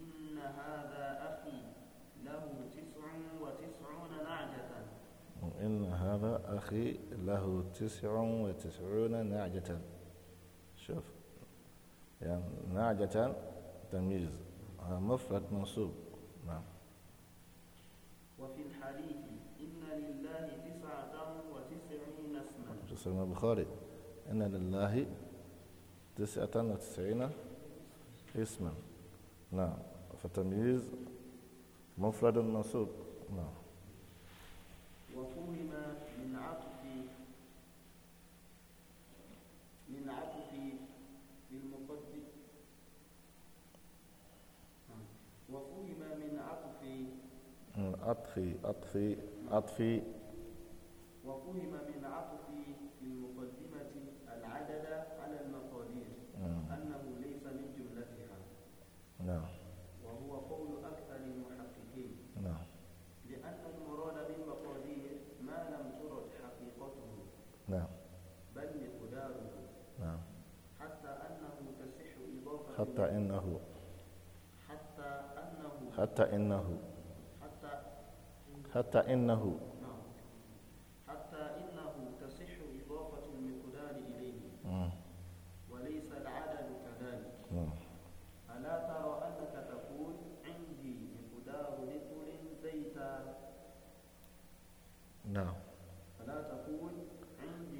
إن هذا أخي له تسع وتسعون نعجة إن هذا أخي له تسع وتسعون نعجة شوف يعني نعجة تمييز مفرد منصوب نعم وفي الحديث إن لله مسلم البخاري إن لله تسعة وتسعين اسما نعم فتمييز مفرد منصوب نعم وفهم من عطف من عطف للمقدم وفهم من عطف عطف عطف عطف وفهم من عطف مقدمة العدد على المقادير نعم. أنه ليس من جملتها نعم وهو قول أكثر المحققين نعم لأن المراد بالمقادير ما لم ترد حقيقته نعم بل مقداره نعم حتى أنه تصح إضافة حتى إنه حتى أنه حتى إنه حتى حتى إنه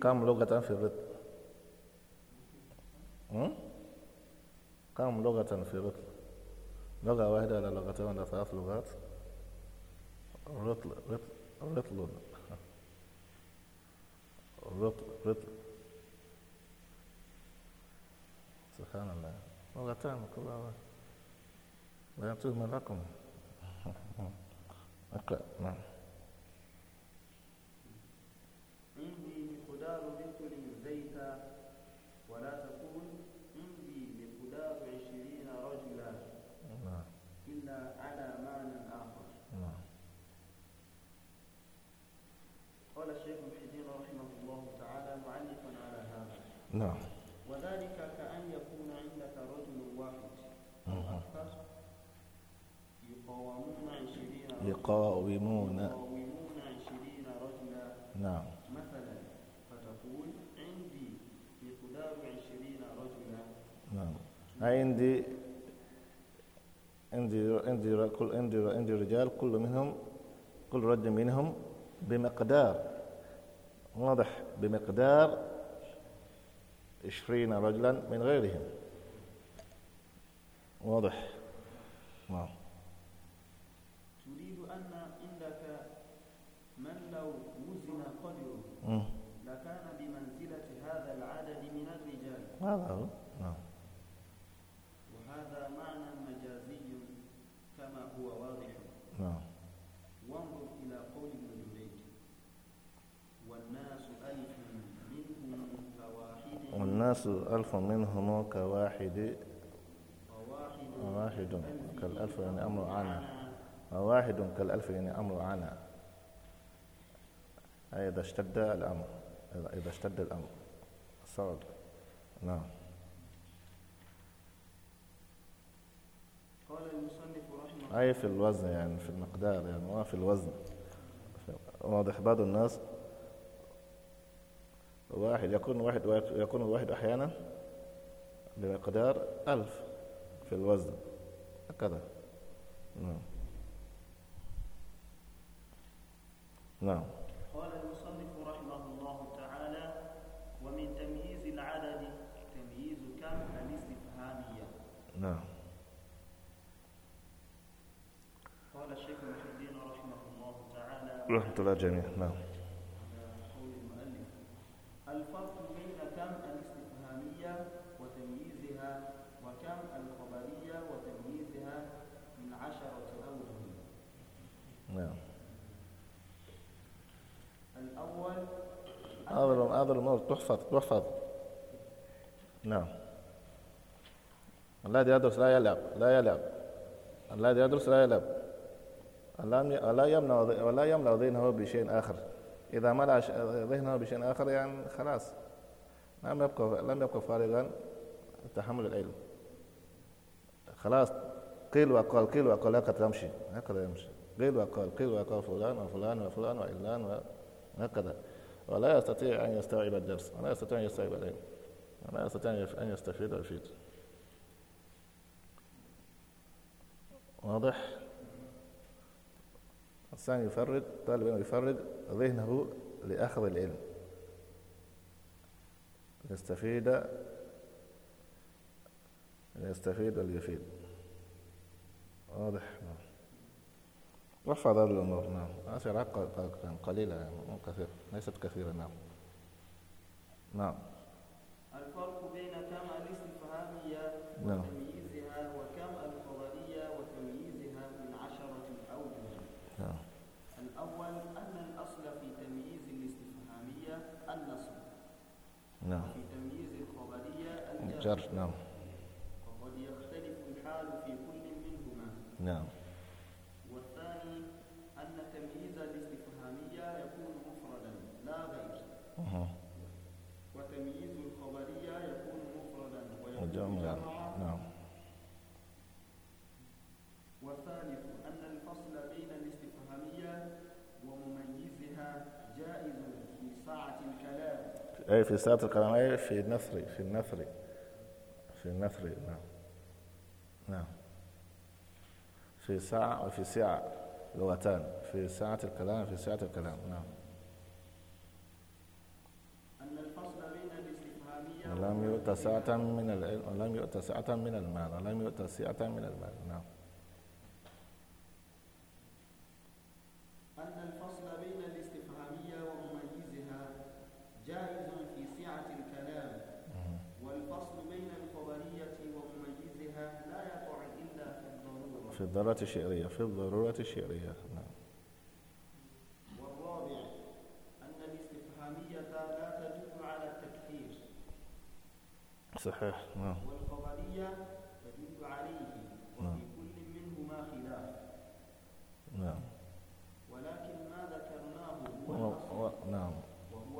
كم لغة في الرتم كم لغة في الرتم لغة واحدة ولا لغتين ولا ثلاث لغات رطل رطل رطل رطل رطل سبحان الله لغتان كل واحد لا يعطيهم الرقم اقرأ نعم يقاومون عشرين رجلا نعم مثلا فتقول عندي مقدار عشرين رجلا نعم عندي عندي عندي عندي رجال كل منهم كل رجل منهم بمقدار واضح بمقدار عشرين رجلا من غيرهم واضح نعم لكان بمنزلة هذا العدد من الرجال هذا هو نعم وهذا معنى مجازي كما هو واضح نعم وانظر إلى قول ابن جريج والناس ألف منهم كواحد والناس ألف منهم كواحد وواحد كالألف يعني أمر عنا وواحد كالألف يعني أمر عنا أي إذا اشتد الأمر إذا اشتد الأمر صار نعم قال المصنف رحمه أي في الوزن يعني في المقدار يعني هو في الوزن واضح بعض الناس واحد يكون واحد يكون الواحد أحيانا بمقدار ألف في الوزن هكذا نعم نعم نعم قال الشيخ محي الدين رحمه الله تعالى رحمة الله جميعا نعم قول المؤلف الفرق بين كم الاستفهامية وتمييزها وكم الخبرية وتمييزها من عشرة أوجه نعم الأول هذا هذا الأمر تحفظ تحفظ نعم الذي يدرس لا يلعب لا يلعب الذي يدرس لا يلعب لا يمنع ولا يملأ ذهنه بشيء آخر إذا ملأ ذهنه بشيء آخر يعني خلاص لم يبقى لم يبقى فارغا تحمل العلم خلاص قيل وقال قيل وقال هكذا تمشي هكذا يمشي قيل وقال قيل وقال فلان وفلان وفلان وعلان وهكذا ولا يستطيع أن يستوعب الدرس ولا يستطيع أن يستوعب العلم ولا يستطيع أن يستفيد ويفيد واضح الإنسان يفرد طالب العلم يفرد ذهنه لأخذ العلم ليستفيد ليستفيد وليفيد واضح رفع هذه الأمور نعم أشعر قليلة يعني مو كثير ليست كثيرة نعم نعم الفرق بين كما استفهامية نعم نعم الأول أن الأصل في تمييز الاستفهامية النصب نعم وفي تمييز الخبرية الجر نعم وقد يختلف الحال في كل منهما نعم والثاني أن تمييز الاستفهامية يكون مفردا لا غير وتمييز الخبرية يكون مفردا ويكون جمعا أي في ساعة القيامة أي في النثر في النثر في النثر نعم نعم في ساعة وفي سعة لغتان في ساعة الكلام في ساعة الكلام نعم أن الفصل بين الاستفهامية ولم يؤت سعة من العلم ولم يؤت سعة من المال ولم يؤت سعة من المال نعم في الضرورة الشعرية في الضرورة الشعرية نعم والرابع أن الاستفهامية لا تدل على التكثير صحيح نعم والخبرية تدل عليه وفي نعم. كل منهما خلاف نعم ولكن ما ذكرناه هو نعم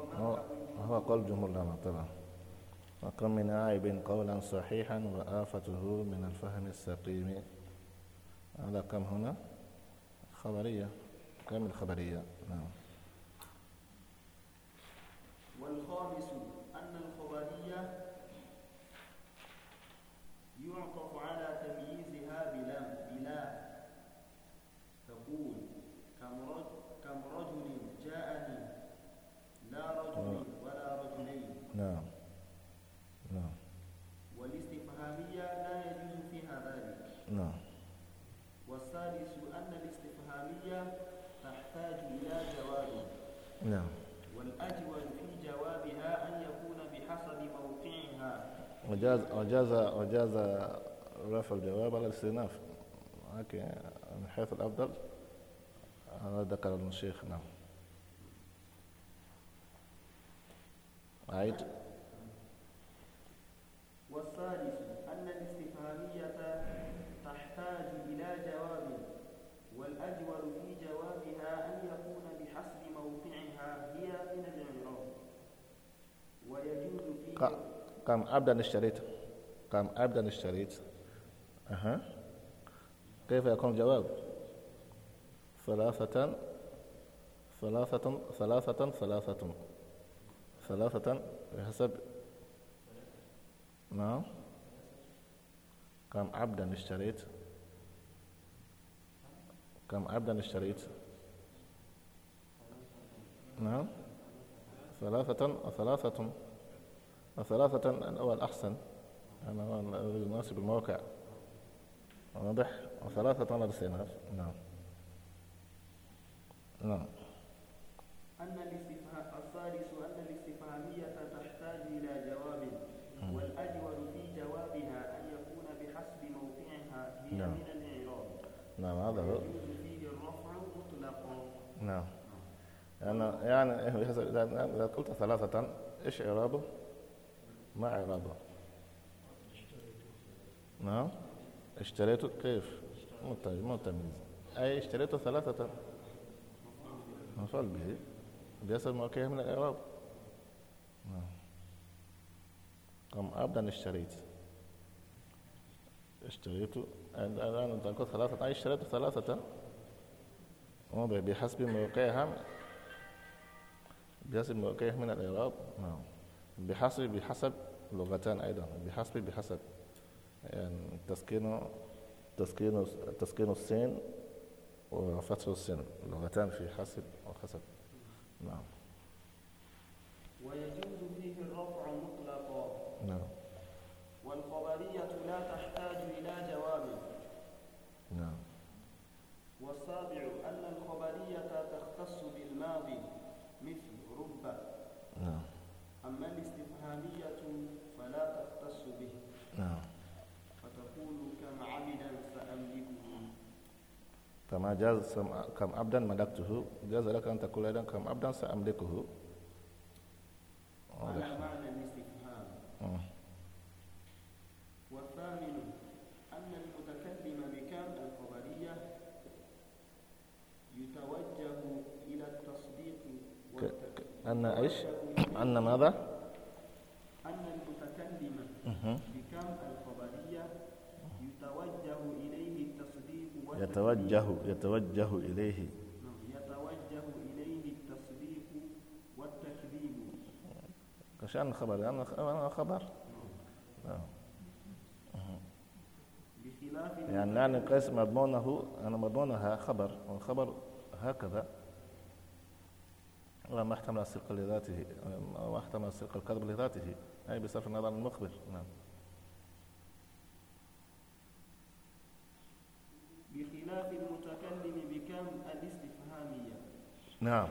وهو, وهو قول جمهور العلماء طبعا وكم من عيب قولا صحيحا وآفته من الفهم السقيم هذا كم هنا خبرية كم الخبرية نعم والخامس وجاز وجاز وجاز رفع الجواب على الاستئناف لكن من حيث الأفضل هذا ذكر المشيخ نعم أعيد والثالث أن الاستفهامية تحتاج إلى جواب والأجول في جوابها أن يكون بحسب موقعها هي من الإعراب ويجوز في كم عبدا اشتريت كم عبدا اشتريت أها كيف يكون الجواب ثلاثة ثلاثة ثلاثة ثلاثة ثلاثة بحسب نعم كم عبدا اشتريت كم عبدا اشتريت نعم ثلاثة وثلاثة وثلاثة الأول أحسن أنا يناسب الموقع واضح وثلاثة على نعم نعم أن الاستفهام الثالث أن الاستفهامية تحتاج إلى جواب والأجود في جوابها أن يكون بحسب موقعها هي نعم. من الإعراب نعم هذا هو فيه الرفع مطلقا نعم يعني يعني إذا قلت ثلاثة إيش إعرابه؟ ما إعرابه نعم اشتريته كيف مو تمييز أي اشتريته ثلاثة مفعول به بيصل موقعه من الإعراب نعم قم أبدا اشتريت اشتريته الآن تنقل ثلاثة أي اشتريته ثلاثة بحسب موقعها بحسب موقعها من الإعراب نعم بحسب بحسب لغتان أيضا بحسب بحسب يعني تسكين تسكين تسكين السين وفتح السين لغتان في حسب وحسب نعم ويجوز فيه الرفع ما جاز كم عبدا ملكته جاز لك أن تقول أيضا كم عبدا سأملكه معنى الاستفهام mm. والثامن أن المتكلم بكم الخبرية يتوجه إلى التصديق أن إيش؟ أن ماذا؟ أن المتكلم يتوجه يتوجه إليه يتوجه إليه التصديق والتكذيب كشأن خبر أنا يعني خبر نعم يعني لا قيس مضمونه أنا مضمونها خبر والخبر هكذا ما احتمل الصدق لذاته ما احتمل الصدق الكذب لذاته أي بصرف النظر عن المخبر نعم Now,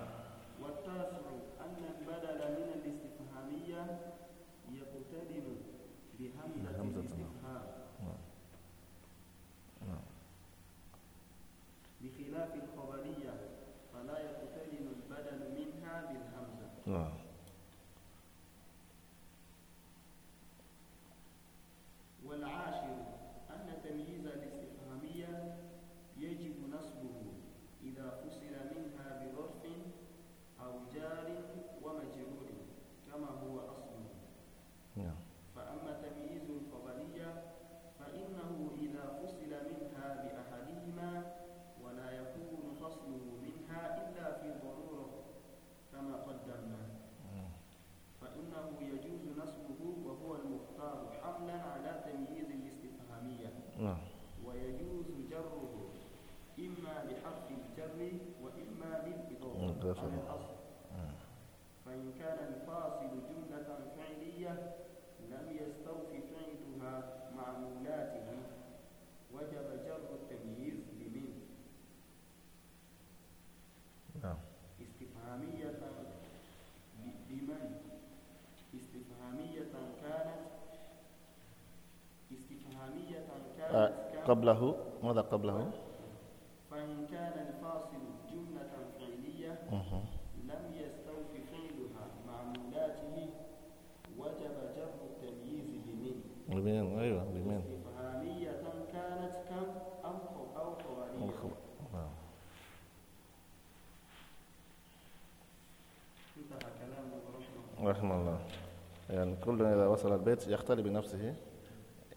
قبله ماذا قبله فإن كان الفاصل جملة فعلية لم يستوف فعلها معمولاته وجب جر التمييز بمن بمن أيوة بمن استفهامية كانت كم أم أو قوانية نعم. انتهى كلامه رحمه الله يعني كل إذا وصل البيت يختلي بنفسه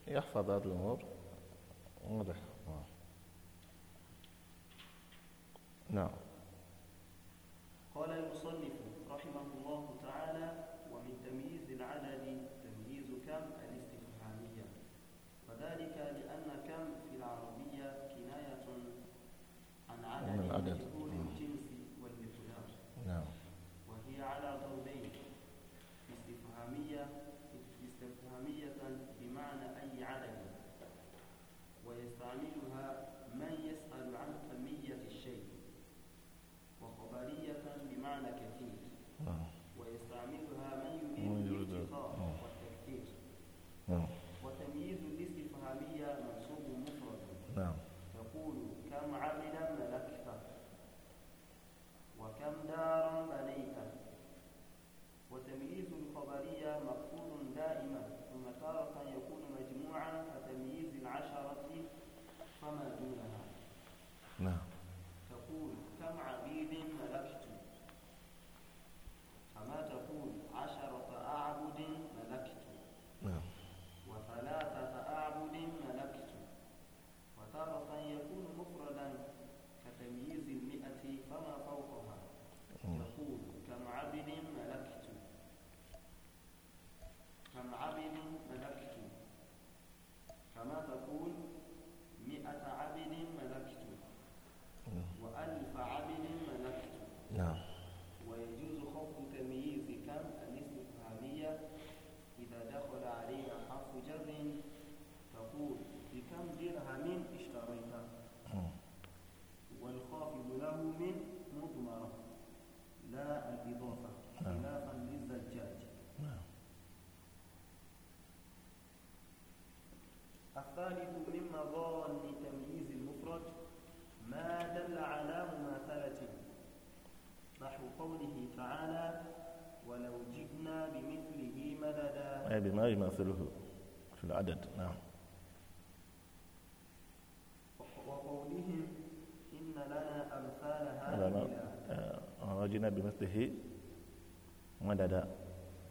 يحفظ هذه الأمور واضح آه. نعم الثالث من مظان تمييز المفرد ما دل على مماثلته نحو قوله تعالى ولو جئنا بمثله مددا أي بما يماثله في العدد نعم وقولهم إن لنا أمثال هذا آه، وجئنا بمثله مددا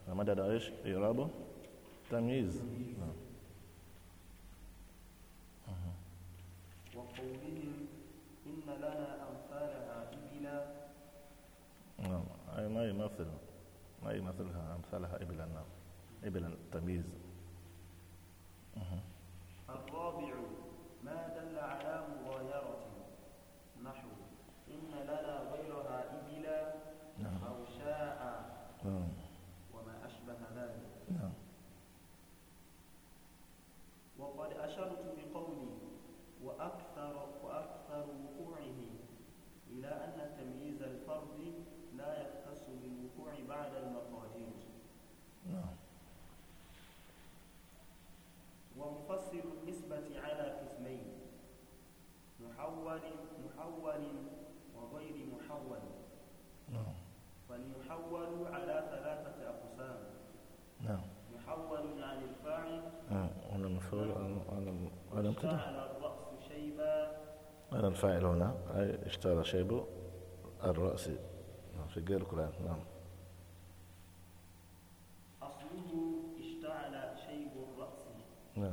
مددا ايش؟ إعرابه تمييز قبل التمييز ومفصل النسبة على قسمين محول محول وغير محول نعم فالمحول على ثلاثة أقسام نعم محول عن الفاعل نعم مفعول المفعول نعم. على كده على الرأس شيبا على الفاعل هنا أي اشترى شيبه الرأس نعم، في غير القرآن نعم Yeah.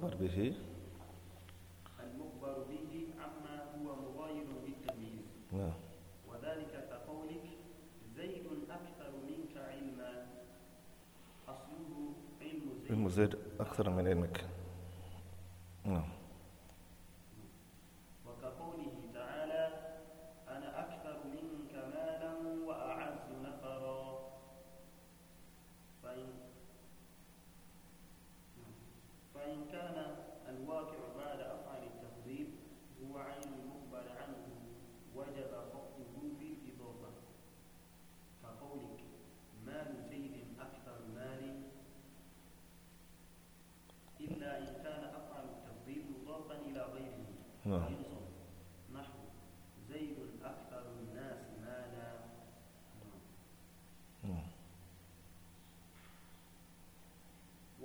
المخبر به المخبر به عما هو مغاير بالتمييز نعم وذلك كقولك زيد أكثر منك علما أصله علم زيد علم زيد أكثر من علمك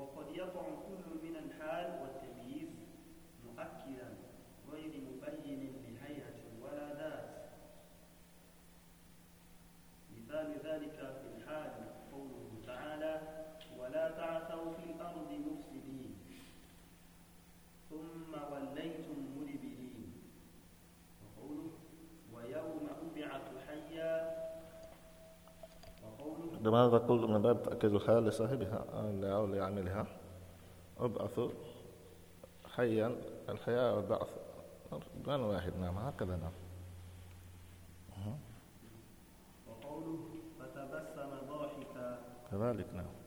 وقد يطعن كل من الحال والتمييز مؤكدا لماذا كل من لا تأكلها لصاحبها أو لعملها أبعث حيا الحياة والبعث بمعنى واحد نعم هكذا نعم وقوله فتبسم ضاحكا كذلك نعم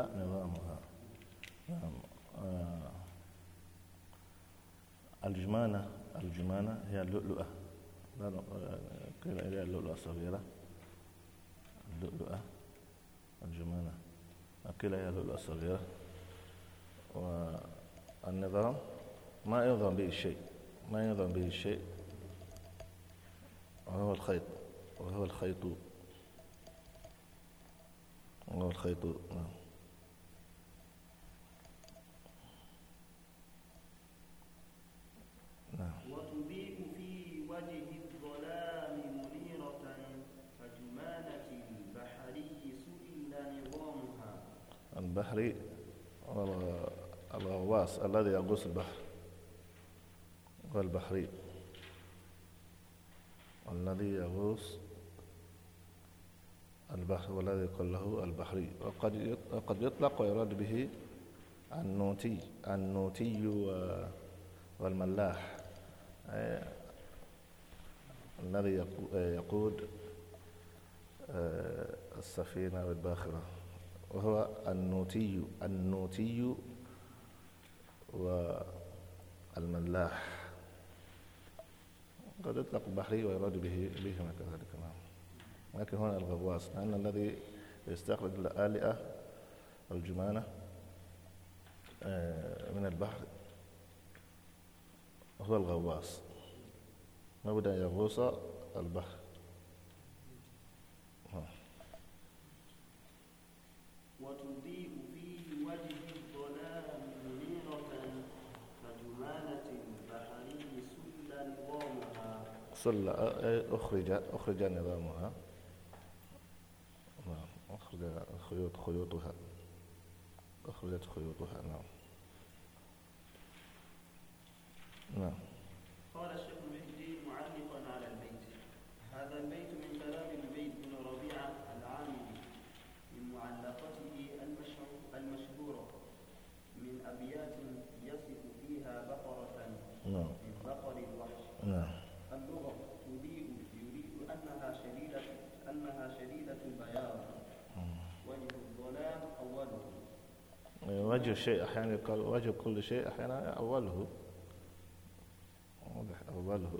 إلا نظامها آه، الجمانة الجمانة هي اللؤلؤة قيل إليها اللؤلؤة الصغيرة اللؤلؤة الجمانة قيل هي اللؤلؤة الصغيرة والنظام ما ينظم به الشيء ما ينظم به الشيء وهو الخيط وهو الخيط وهو الخيط نعم البحر الغواص الذي يغوص البحر والبحري الذي يغوص البحر والذي يقال له البحري وقد وقد يطلق ويراد به النوتي النوتي والملاح الذي يقود آه، السفينة والباخرة وهو النوتي النوتي والملاح قد يطلق بحري ويراد به بهما كذلك نعم لكن هنا الغواص لأن الذي يستخرج الآلئة الجمانة آه، من البحر هو الغواص لابد أن يغوص البحر وتضيء في وجه الظلام منيرة فجمالة البحرين سل نظامها سل أخرج أخرج نظامها نعم أخرج خيوط خيوطها أخرجت خيوطها نعم نعم قال الشيخ نعم اللغة تريد أنها شديدة وجه الظلام أحيانا يقال وجه كل شيء أحيانا أوله واضح أوله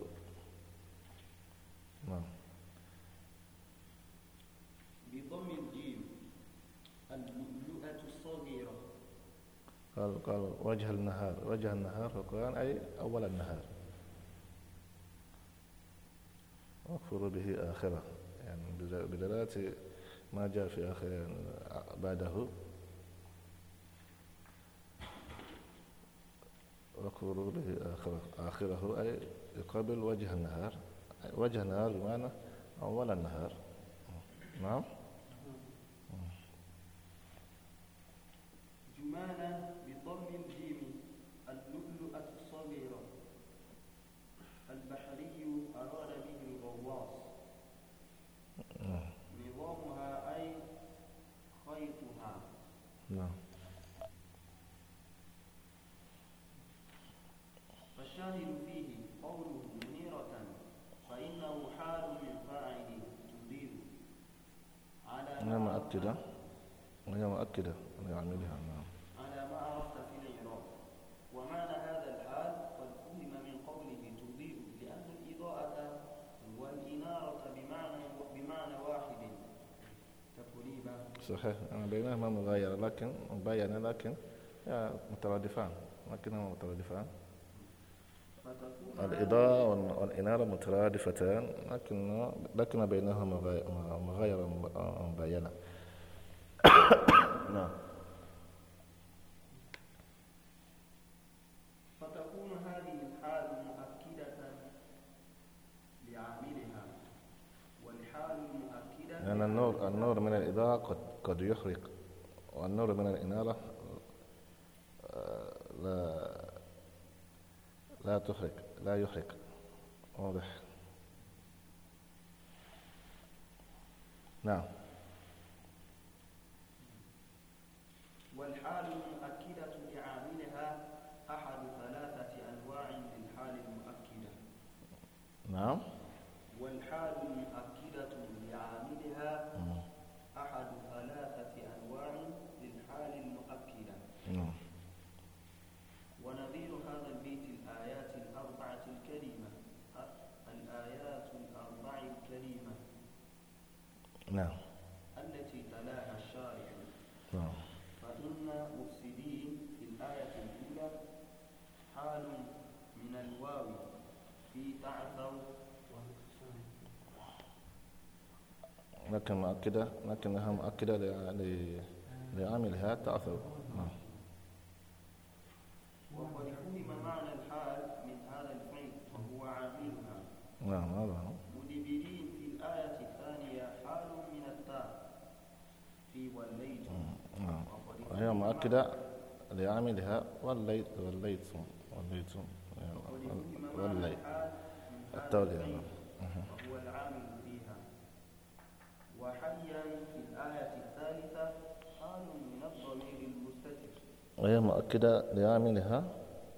قال قال وجه النهار وجه النهار في القرآن أي أول النهار واكفروا به آخره يعني بدلالة ما جاء في آخر بعده واكفروا به آخره آخره أي قبل وجه النهار وجه النهار بمعنى أول النهار نعم جمانة مؤكدة وهي مؤكدة لعملها نعم على ما عرفت في الإعراب ومعنى هذا الحال قد فهم من قوله تضيء لأن الإضاءة والإنارة بمعنى بمعنى واحد تقريبا صحيح أنا بينهما مغايرة لكن مبينة لكن مترادفان لكنهما مترادفان الإضاءة والإنارة مترادفتان لكن لكن بينهما مغايرة مبينة نعم. فتكون هذه الحال مؤكدة لعاملها والحال لأن يعني النور النور من الإضاءة قد قد يحرق والنور من الإنارة آه، لا لا تحرق لا يحرق واضح نعم الحال المؤكدة لعاملها أحد ثلاثة أنواع للحال المؤكدة نعم لكن مؤكدة لكنها مؤكدة لعاملها تعثر آه. نعم ولحكم معنى الحال من هذا الفعل وهو عاملها نعم هذا هو مدبرين في الآية الثانية حال من التاء في والليت نعم, نعم. وهي مؤكدة لعاملها والليت والليت والليت والليت التولية وهو العامل فيها وحيا في الآية الثالثة حال من الضمير المستتر غير أيوة، مؤكدة لعاملها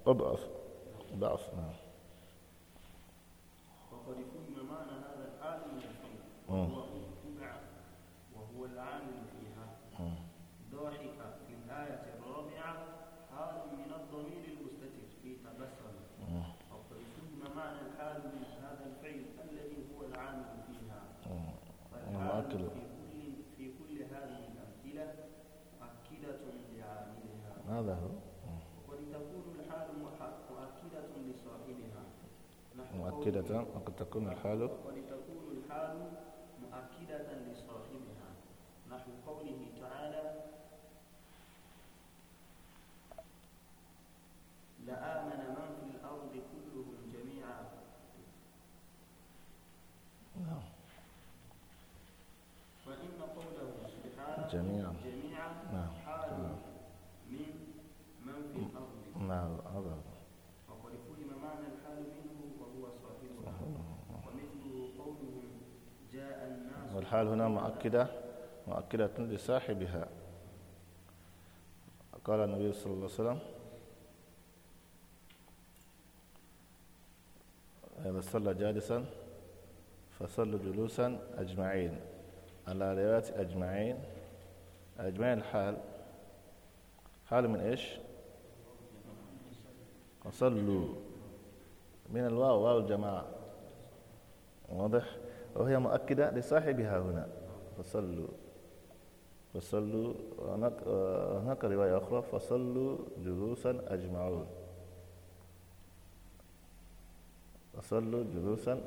أضعف ضعف نعم وقد فهم معنى هذا الحال من الضمير وقد تكون الحال وقد تكون الحال مؤكدة لصاحبها نحو قوله تعالى لآل الحال هنا مؤكدة مؤكدة لصاحبها قال النبي صلى الله عليه وسلم إذا صلى جالسا فصلوا جلوسا أجمعين على رواية أجمعين أجمعين الحال حال من إيش وصلوا من الواو واو الجماعة واضح وهي مؤكدة لصاحبها هنا فصلوا فصلوا هناك رواية أخرى فصلوا جلوسا أجمعون فصلوا جلوسا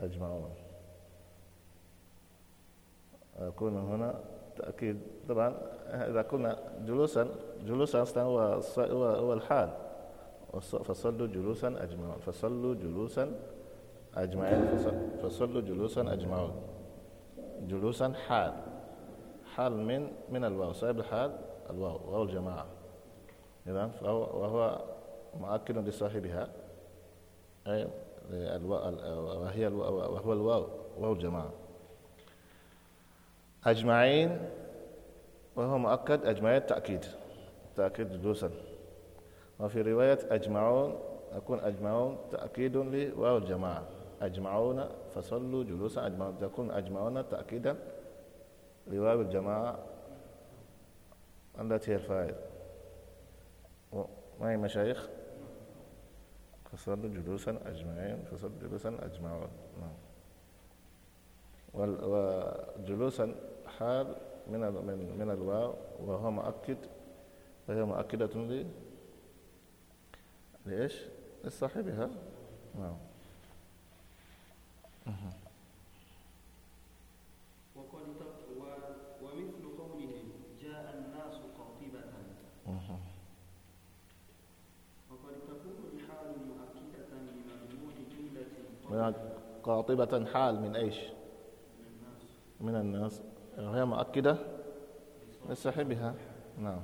أجمعون يكون هنا تأكيد طبعا إذا قلنا جلوسا جلوسا أصلا هو هو الحال فصلوا جلوسا أجمعون فصلوا جلوسا أجمعين فصلوا جلوسا أجمعون جلوسا حال حال من من الواو صاحب الحال الواو واو الجماعة إذا فهو وهو مؤكد لصاحبها أي وهي وهو الواو واو الجماعة أجمعين وهو مؤكد أجمعين تأكيد تأكيد جلوسا وفي رواية أجمعون أكون أجمعون تأكيد لواو الجماعة أجمعون فصلوا جلوسا أجمعون تكون أجمعون تأكيدا لواو الجماعة التي هي الفائدة ما هي مشايخ فصلوا جلوسا أجمعين فصلوا جلوسا أجمعون نعم وجلوسا حال من من من الواو وهو مؤكد وهي مؤكدة لي لإيش؟ لصاحبها نعم وقد ومثل جاء الناس قاطبة وقد تكون الحال مؤكدة قاطبة حال من ايش؟ من الناس من الناس هي مؤكدة لصاحبها نعم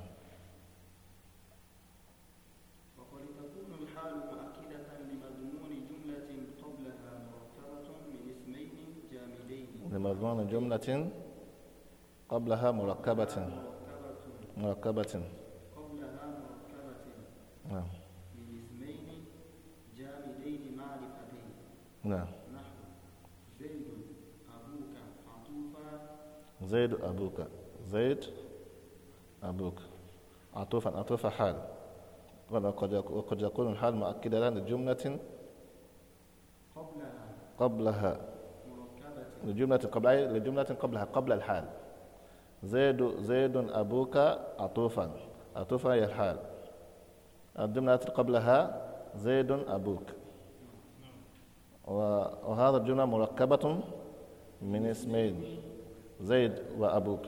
لمضمون جملة قبلها مركبة مركبة قبلها مركبة نعم من اسمين جامدين معرفتين نعم نحو زيد أبوك عطوفا زيد أبوك زيد أبوك عطوفا عطوفا حال وقد يكون الحال مؤكدا لجملة قبلها قبلها لجملة قبل لجملة قبلها قبل الحال زيد زيد أبوك عطوفا عطوفا هي الحال الجملة قبلها زيد أبوك وهذا الجملة مركبة من اسمين زيد وأبوك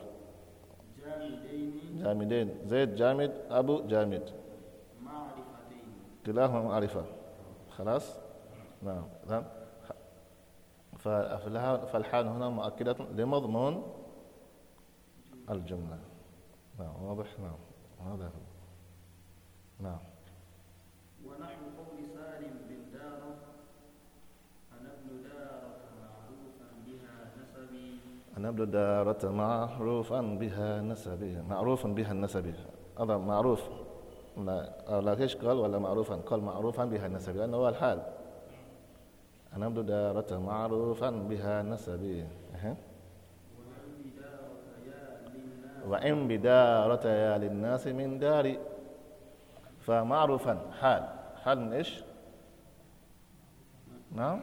جامدين زيد جامد أبو جامد معرفتين كلاهما معرفة خلاص نعم no. فالحال هنا مؤكدة لمضمون الجملة نعم واضح نعم هذا هو نعم ونحو قول سالم بن دارة أنا ابن دارة معروفا بها نسبي أنا ابن دارة معروفا بها نسبي معروفا بها النسبي هذا معروف لا, لا قال ولا معروفا قال معروفا بها النسبي لأنه هو الحال أبدو دارة معروفا بها نسبي أه. وإن بدارة يا للناس من داري فمعروفا حال حال من إيش نعم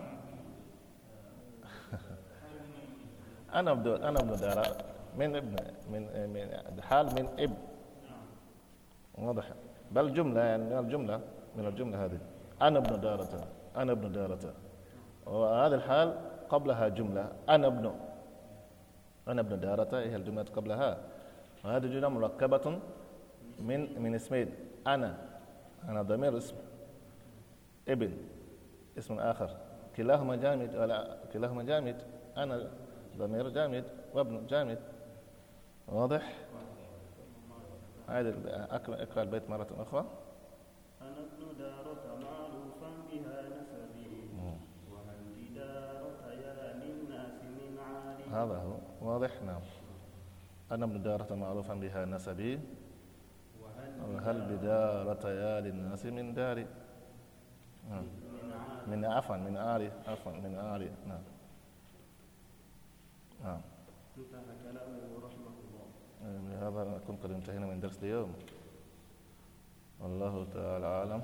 أنا ابن أنا ابن دارة من ابن من من حال من ابن واضح بل جملة يعني الجملة من الجملة هذه أنا ابن دارة أنا ابن دارة وهذا الحال قبلها جملة أنا ابن أنا ابن دارة هي الجملة قبلها وهذه الجملة مركبة من من اسمين إيه؟ أنا أنا ضمير اسم ابن اسم آخر كلاهما جامد ولا كلاهما جامد أنا ضمير جامد وابن جامد واضح؟ أكمل اقرأ البيت مرة أخرى أنا ابن دارة هذا هو واضح نعم أنا ابن دارة معروفا بها نسبي وهل بدارة يا للناس من داري نعم. من عفوا من آري عفوا من آري نعم نعم كلامه رحمه الله بهذا نكون قد انتهينا من درس اليوم والله تعالى أعلم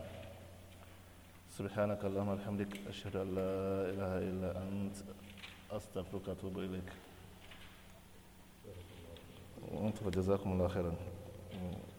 سبحانك اللهم وبحمدك أشهد أن لا إله إلا أنت أستغفرك وأتوب إليك وأنتم جزاكم الله خيرا